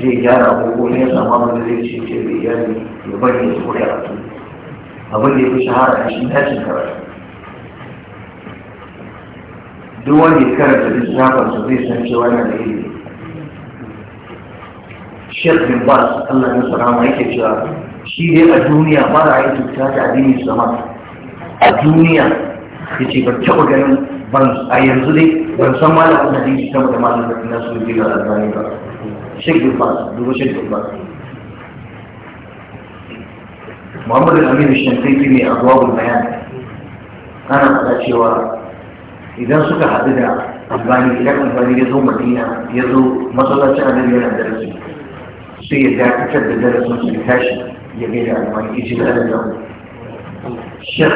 zai gyara abubuwa ne ya samu abin da zai ce ce da iyali ya bari ya tsoro karatu abin da ya fi shahara a shi tashin karatu duk wanda ya karanta littafin su zai san cewa yana da ilimi shek bin bas allah na sarama yake cewa shi dai a duniya mara yi ta da addini zama a duniya ya ce ban taɓa ganin ban a yanzu dai ban san malamin shi sama da da na su yi da albani ba shek gulbas dubu shek gulbas muhammad al-aminu shankaiti ne a zuwa bayan ana faɗa cewa idan suka haɗu da albani idan albani ya zo madina ya zo masallacin annabi yana darasi sai ya dakatar da darasin su tashi ya gaida albani ya ijin da shek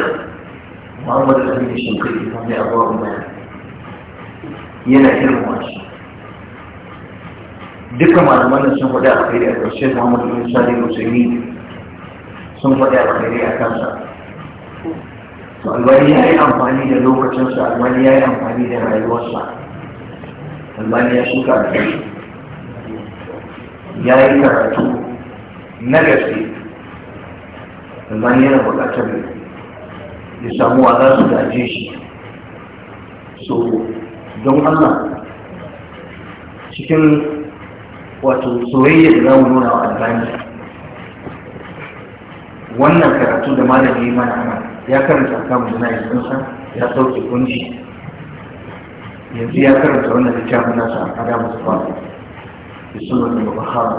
muhammad al-amin shinkari ta abu abu bayan yana girmama duka malaman da sun faɗi a kai da ƙarshen muhammad da amin sadi musulmi sun faɗi a kai a kansa to albani ya yi amfani da lokacinsa albani ya yi amfani da rayuwarsa albani ya shuka da ya yi karatu na gaske albani yana buƙatar ya samu wa za su gaje shi so don allah cikin wato soyayya da za mu nuna wa albani wannan karatu da malami mana ana ya karanta kan da na yi ya sauke kunshi yanzu ya karanta wannan littafin nasa a da masu fara da suna da bahara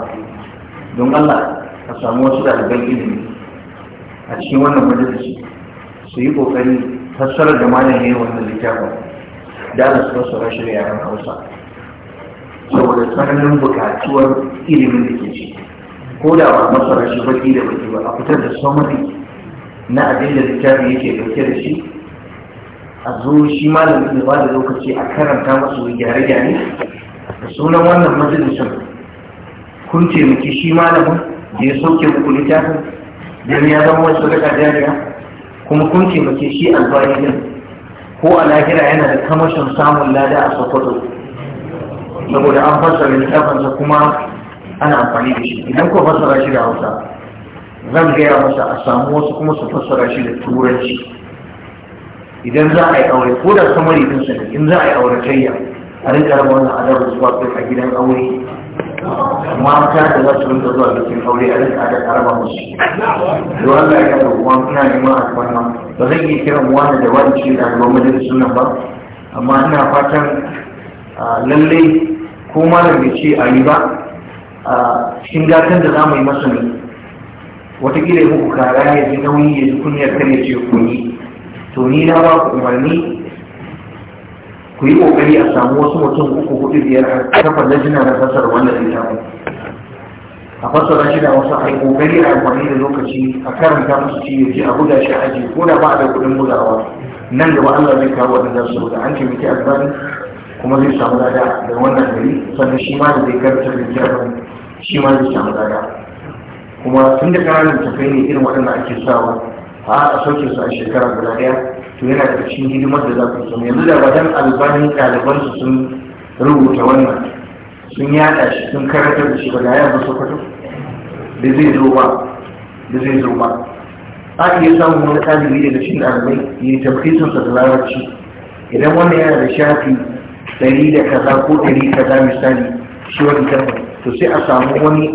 don allah a samu wasu ɗaliban ilimi a cikin wannan majalisi su yi kokari fassarar da malam ne wannan littafin da su fassara shi da yaran hausa saboda tsananin bukatuwar ilimin da ke ciki ko da ba masara shi baki da baki ba a fitar da samari na abin da littafin yake dauke da shi a zo shi malamin da ba da lokaci a karanta masu gyare-gyare da sunan wannan majalisar kun taimaki shi malamin da ya sauke muku littafin don ya zama wasu daga jariya kuma kun taimake shi albayanin ko a lahira yana da kamashin samun lada a sokoto saboda an fasara fassara littafinsa kuma ana amfani da shi idan ko fasara shi da hausa zan gaya masa a samu wasu kuma su fasara shi da turanci idan za a yi aure ko da samari din sa in za a yi aure kayya a rinka raba wannan adabar zuwa a gidan aure mata da za su rinka zuwa bikin aure a rinka da karaba musu to Allah ya ga uwan ina neman a wannan ba zan iya kiran wani da wani ce da gaban majalisun nan ba amma ina fatan lallai ko malam bai ce a yi ba cikin gatan da za mu yi masa ne watakila ya muku kara ya ji nauyi ya ji kunyar kan ya ce kuni to ni na ba ku umarni ku yi kokari a samu wasu mutum uku hudu biyar a kafa lajina na fasar zai littafin a fassara shi da wasu a yi kokari a amfani da lokaci a karanta musu ci yaji a buga shi aji ko da ba a da kudin gudawa. nan gaba Allah zai kawo wadanda su da an taimaki albani kuma zai samu lada da wannan gari sannan shi ma da zai karanta da littafin shi ma zai samu lada kuma tun da ƙananan tafai ne irin waɗanda ake sawa a a sauke su a shekara guda ɗaya to yana da cikin hidimar da za ku samu yanzu da wajen albani ɗaliban su sun rubuta wannan sun yada shi sun karanta da shi ba da su kwato da zai zo ba da zai zo ba a iya samun wani ɗalibi daga cikin ɗalibai ya yi sa da larabci idan wannan yana da shafi ɗari da kaza ko ɗari kaza misali shi wani karfa to sai a samu wani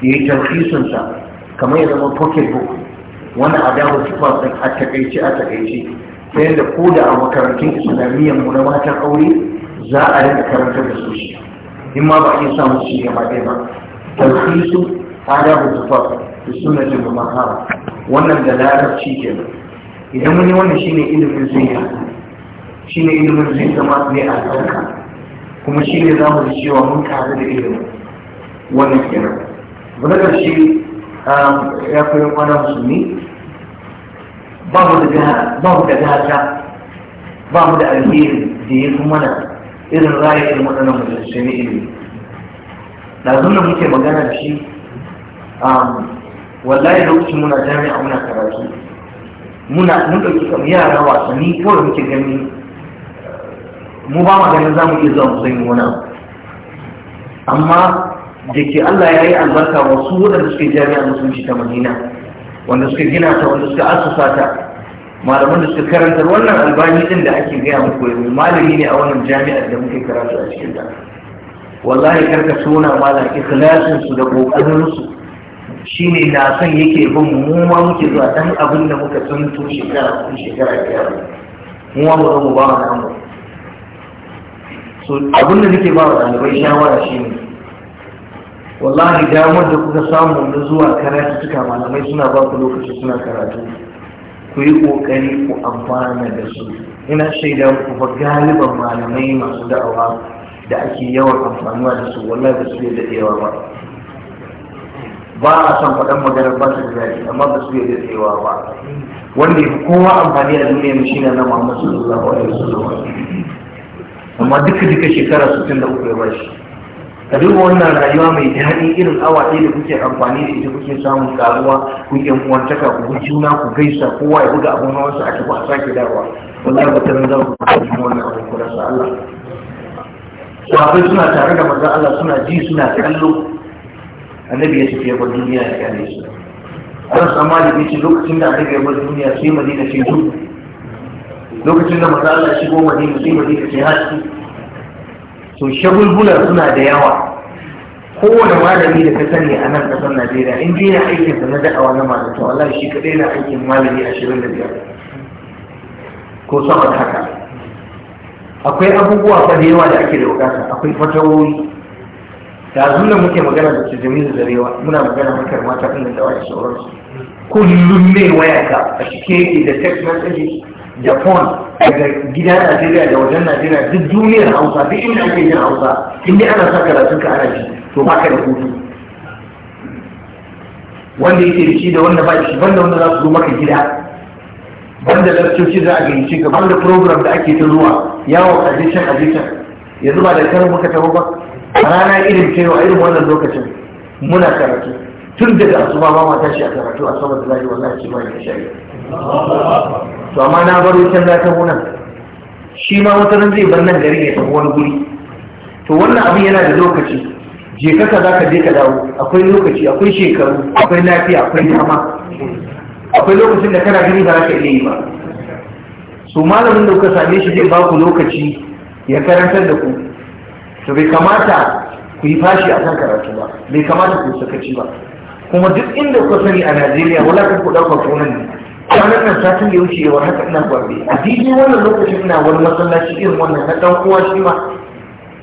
ya yi sa kamar ya zama pocket book wani adawa tufa a takaice a takaice ta yadda ko da a makarantun islamiyyar mu na matan aure za a rinka karantar da su shi in ma ba a iya samun shi gaba ɗaya ba tarfisu adabu tufaf da suna jin da mahara wannan da larabci ke idan wani wannan shine ilimin zai shine ilimin zai zama mai albarka kuma shine za mu cewa mun karu da ilimin wannan kenan wani ƙarshe um, ya koyi kwana musulmi ba mu da gata ba mu da alheri da ya fi mana irin rayar irin waɗannan majalisai na ilimi ɗazun da muke magana da shi wallahi lokacin muna jami'a muna karatu muna mun ɗauki kamar yara wasanni kawai muke gani mu ba ma ganin za mu iya zuwa mu zanyi wani amma da ke Allah ya yi albarka wasu waɗanda suke jami'a musulunci ta Madina wanda suka gina ta wanda suka asusa ta malaman da suka karanta wannan albani din da ake gaya muku yanzu malami ne a wannan jami'ar da muke karatu a cikin ta wallahi karka suna malam ikhlasin su da kokarin su shine na son yake bin mu ma muke zuwa dan abin da muka tsanto shekara ko shekara biyar mu ma mu ba mu ba mu so abin da nake ba wa ɗalibai shawara shine wallahi damar da kuka samu na zuwa karatu suka malamai suna ba ku lokaci suna karatu ku yi ƙoƙari ku amfana da su ina shaida muku fa galiban malamai masu da'awa da ake yawan amfanuwa da su wallahi ba su da daɗewa ba ba a san faɗan magana ba su da amma ba su da daɗewa ba wanda ya fi kowa amfani a duniya mai shi ne na Muhammad sallallahu alaihi wasallam amma duka duka shekara 63 ya ba shi ka duba wannan rayuwa mai daɗi irin awa ɗaya da kuke amfani da ita kuke samun karuwa ku yan uwantaka ku bi juna ku gaisa kowa ya buga abin hawansa a tafi a sake dawa Wannan ba tarin za ku kuma wannan abin ku rasa Allah sahabbai suna tare da maza Allah suna ji suna kallo annabi ya tafi ya bar duniya ya kare su Anas Amali da ce lokacin da annabi ya bar duniya sai Madina ce duk lokacin da maza Allah ya shigo Madina sai Madina ce haske to shagulgula suna da yawa kowane malami da ka sani a nan kasar najeriya in je na sa na awa na malam to wallahi shi kaɗai na aikin malami ashirin da biyar ko sama da haka akwai abubuwa ba da yawa da ake da bukata akwai fatawoyi da zunan muke magana da su da Rewa, muna magana makar mata ɗin da dawa da sauransu kullum mai waya ka a cike da text japan daga na najeriya da wajen najeriya duk duniyar hausa duk inda ake yin hausa inda ana sa karatun ka ana ji to baka da hutu wanda yake da shi da wanda ba shi banda wanda za su zo maka gida banda lakcoci za a gayyace ka banda program da ake ta zuwa yawon a ajishan yanzu ba da karin muka taɓa ba a rana irin cewa irin wannan lokacin muna karatu tun daga asuba ba ma tashi a karatu a saboda lahi wallahi ce ba ya shari'a to amma na bar can za ta wuna. shi ma wata nan zai bar nan gari ya tafi wani guri to wannan abin yana da lokaci je ka za ka je ka dawo akwai lokaci akwai shekaru akwai lafiya akwai dama akwai lokacin da kana gani ba za ka iya yi ba su malamin da kuka same shi zai ba ku lokaci ya karantar da ku to bai kamata ku yi fashi a kan karatu ba bai kamata ku sakaci ba kuma duk inda kuka sani a najeriya wala kan ku ɗaukar sunan ne kwanan nan satin da wuce yawar haka ina gwabe a daidai wannan lokacin ina wani masallaci irin wannan na ɗan uwa shi ma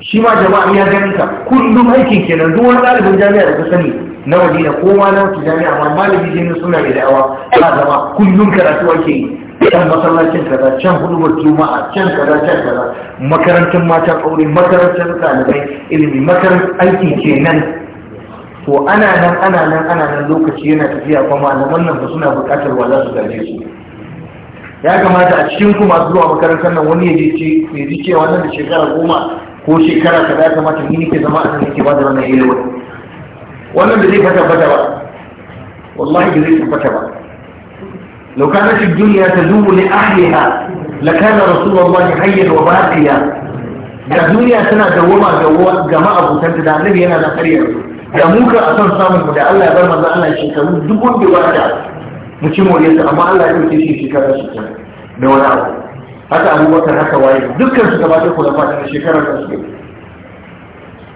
shi ma jama'a ya gani ka kullum aikin kenan duk wani ɗalibin jami'a da ta sani na madina ko ma na wata jami'a amma malami jini suna da da'awa ba zama kullum karatu ake yi can masallacin kaza can hudubar juma'a can kaza can kaza makarantar mata aure makarantar ɗalibai ilimi makarantar aiki kenan to ana nan ana nan ana nan lokaci yana tafiya kuma malaman nan ba suna buƙatar wa za su gaje su ya kamata a cikin ku masu zuwa makarantar nan wani ya ji cewa nan da shekara goma ko shekara kaza ya kamata ni nake zama a nan nake ba da wannan ilimin wannan da zai fata fata ba wallahi da zai tabbata ba لو كانت الدنيا تدوم لأهلها لكان رسول الله حيا وباقيا الدنيا سنة دوما جماعة بوتنت da النبي yana da يرسل da mu a son samun mu da Allah ya bar manzo Allah shekaru Duk ba da mu ci more su amma Allah ya dauke shi shekara su da wani abu haka abubakar haka waye dukkan su gaba da kula da shekarar da suke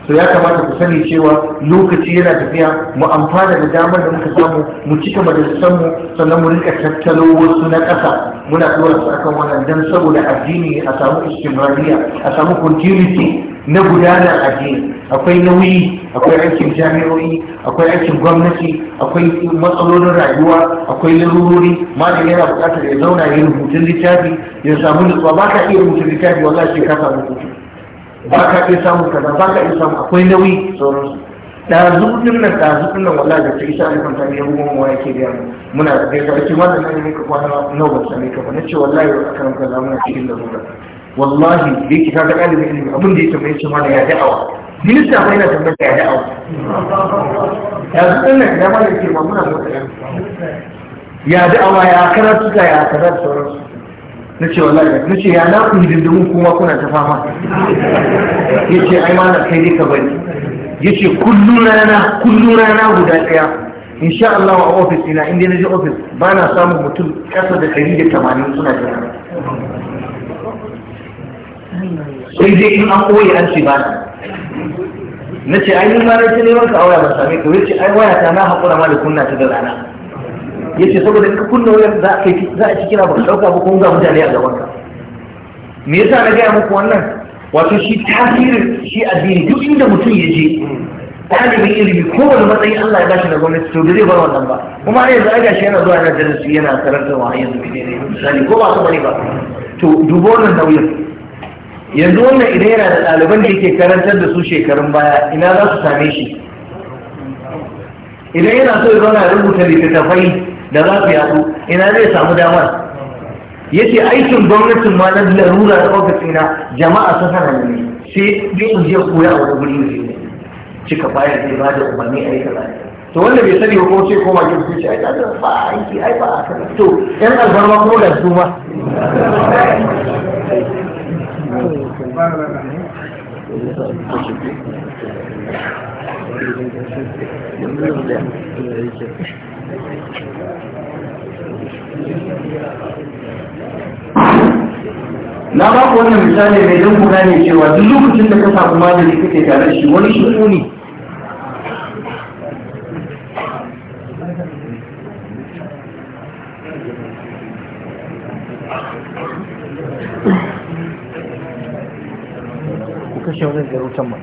to ya kamata ku sani cewa lokaci yana tafiya mu amfana da damar da muka samu mu cika majalisan mu sannan mu rinka tattalo wasu na ƙasa muna tura su akan wannan dan saboda addini a samu istimrariya a samu continuity na gudanar addini akwai nauyi akwai aikin jami'o'i akwai aikin gwamnati akwai matsalolin rayuwa akwai larurori malam yana buƙatar ya zauna yin rubutun littafi ya samu nutsuwa ba ka iya rubutun littafi wallahi sai ka samu hutu ba ka iya samun kaza ba ka iya samun akwai nauyi sauransu ɗazu din nan ɗazu din nan wallahi da ta isa ne kanta ya bugun wa ke da muna da ake sarki wannan nan ne ka kwana nawa ba sai ka nace wallahi a karan kaza muna cikin da larura wallahi da yake kaga ɗalibi ne, abin da ya tambaye ce ma da ya da'awa minista mai na tambaye ya da'awa Ya din nan da ma da ke ma muna motsa ya da'awa ya karatu ya kaza da sauransu na ce wallahi na ce ya na ku hidindimin kuma kuna ta fama ya ce ai mana kai dai ka bari ya ce kullum rana kullum rana guda ɗaya in sha Allah wa ofis ina inda na je ofis ba na samun mutum ƙasa da ɗari da tamanin suna jira sai dai in an ɓoye an ce ba na ce ai yin ranar ta neman ka a ba same ka wuce ai waya ta na haƙura ma da kunna ta da rana yace saboda ka kunna wayar za a kai za a ci kira ka dauka ba kun ga mutane a gaban ka me yasa na gaya muku wannan wato shi tasirin shi addini duk inda mutum ya je ɗalibin ilimi kowane matsayi Allah ya ba shi na gwamnati to zai bar wannan ba kuma a yanzu aga shi yana zuwa yana su yana karantarwa har yanzu kike ne misali ko ba su bane ba to dubo wannan nauyin yanzu wannan idan yana da ɗaliban da yake karantar da su shekarun baya ina za su same shi idan yana so ya zauna rubuta littattafai da za ku yaku ina zai samu damar Ya ce aikin gwamnatin ma na larura da ofisina jama'a sun hana ne sai dai in je koya a wani guri ne cika baya zai ba da umarni a yi kaza to wanda bai sani ko ce ko ke su ce ai da ba aiki ai ba a kana to yan alfarma kuma da su ma Thank you. Eh? na ba ku wannan misali mai don guda ne cewa duk lokacin da ka samu magani kake tare shi wani shuku ne ku kashe wani garutan mai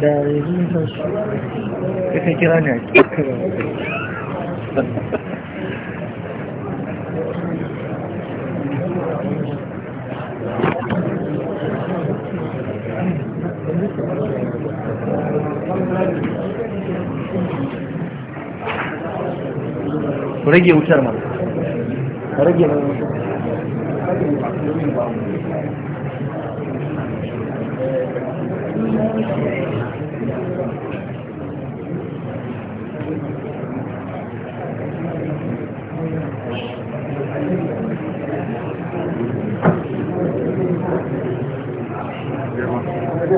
da yanzu ne ya kira ne a ku rage wutar ma ka rage wutar Thank you.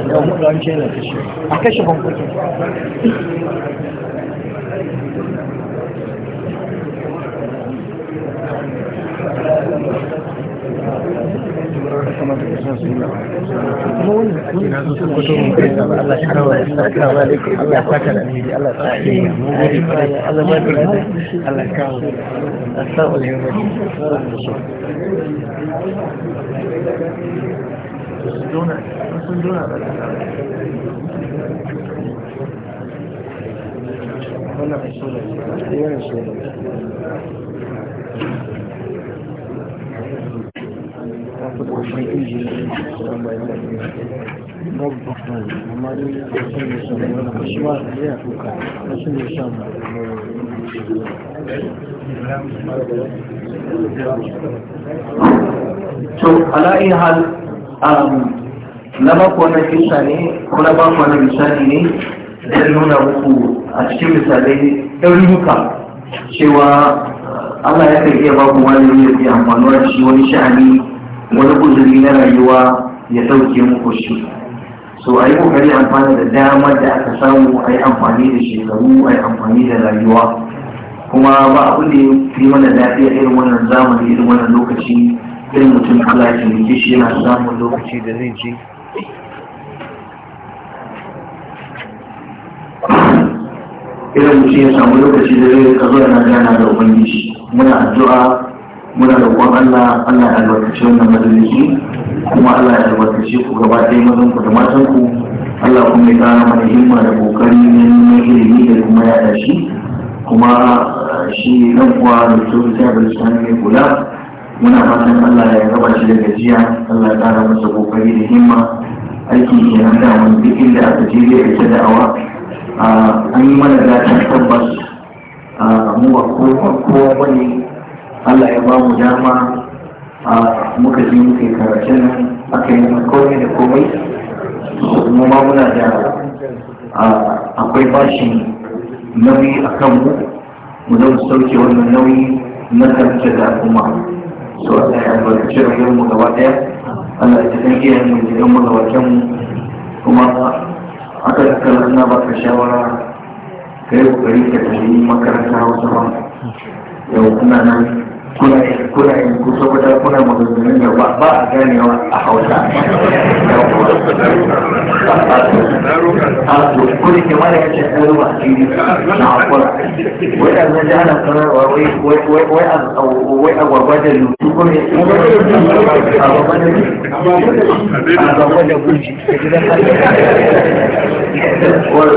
a kashe bankokin Allah يصدون يصدون ولا مشهورة ولا مشهورة أخذ شيء يجي رب أخذ وما يصير يسمى ولا مشوار يا فوكا يصير يسمى to ala ihal na mako na kisa ne ko na bako misali ne zai nuna muku a cikin misalai ɗauyuka cewa uh, Allah ya kan iya baku wani ya fi amfanuwa da shi wani sha'ani wani kuzuri na rayuwa ya ɗauke muku shi so a yi kokari amfani da damar da aka samu a yi amfani da shekaru a yi amfani da rayuwa kuma ba abu ne ya fi mana daɗi a irin wannan zamani irin wannan lokaci sai mutum Allah ya taimake shi yana samun lokaci da zai je irin mutum ya samu lokaci da zai rika zuwa na gana da ubangiji muna addu'a muna da roƙon Allah Allah ya albarkaci wannan majalisi kuma Allah ya albarkaci ku gaba ɗaya mazan ku da matan ku Allah kuma ya ƙara mana himma da kokari ne na ilimi da kuma yaɗa shi kuma shi ɗan uwa da tsohon ta da ne kula muna fatan Allah ya raba shi da gajiya Allah ya ƙara masa kokari da himma aiki ke nan da wani duk inda aka je zai ake awa an yi mana gata tabbas mu ba kowa bane Allah ya ba mu dama muka je muka yi karatun nan aka yi komai da komai mu ma muna da akwai bashin nauyi a kanmu mu zama sauke wannan nauyi na karfe da al'umma سؤال البركة يوم متواجع ألا تتنكي أن يوم متواجع كما أكد كلامنا بك شاورا كيف قريبك تجيني مكرا شاورا يوم كنا نعم kuna yin kuna yin ku saboda kuna maganganun da ba a ganewa a hausa a to ke mara yace ɗan ruwa a fili na hakura wai da zan ana sanarwa wai wai wai a wai a gwagwajar lutu ko ne a gwagwajar a gwagwajar bulji a gidan wani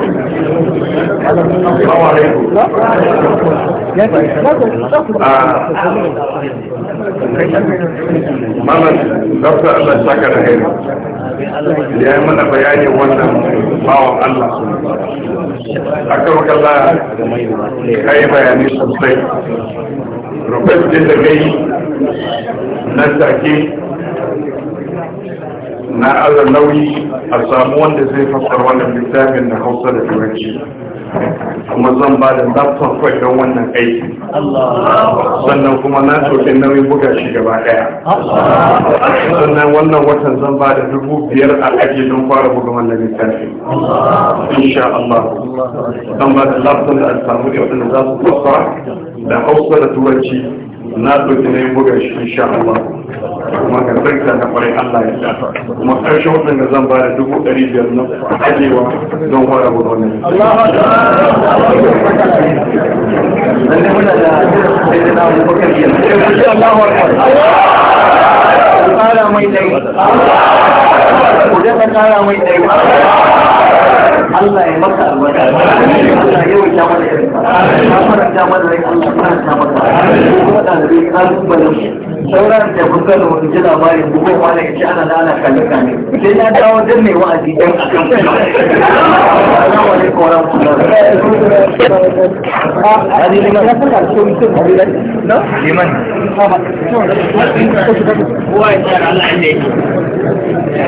السلام عليكم malam dr allah saka da haini ya yi mana bayanin wannan bawan allah aka makalla ka yi bayani sosai rufes din da gai nan take na allah nauyi a samu wanda zai fassara wannan littafin da hausa da turanci kuma zan ba da laptop kai don wannan aiki sannan kuma na ɗauki nauyin buga shi gaba ɗaya sannan wannan watan zan ba da dubu biyar a aji don fara buga wannan littafi insha Allah zan ba da laptop da a samu da za su fassara da hausa da turanci na ɗauki na yi buga shi insha Allah kuma ka tsarka na kwarai Allah ya shafa kuma ƙarshe waɗanda zan ba da dubu ɗari biyar na ajewa don fara gudu wannan Allah mai dai. Ku daga kara mai dai. Allah ya maka albarka Allah ya wuce mana irin ka ka faranta rai kuma da sauran da wani ana lana dan mai Allah ya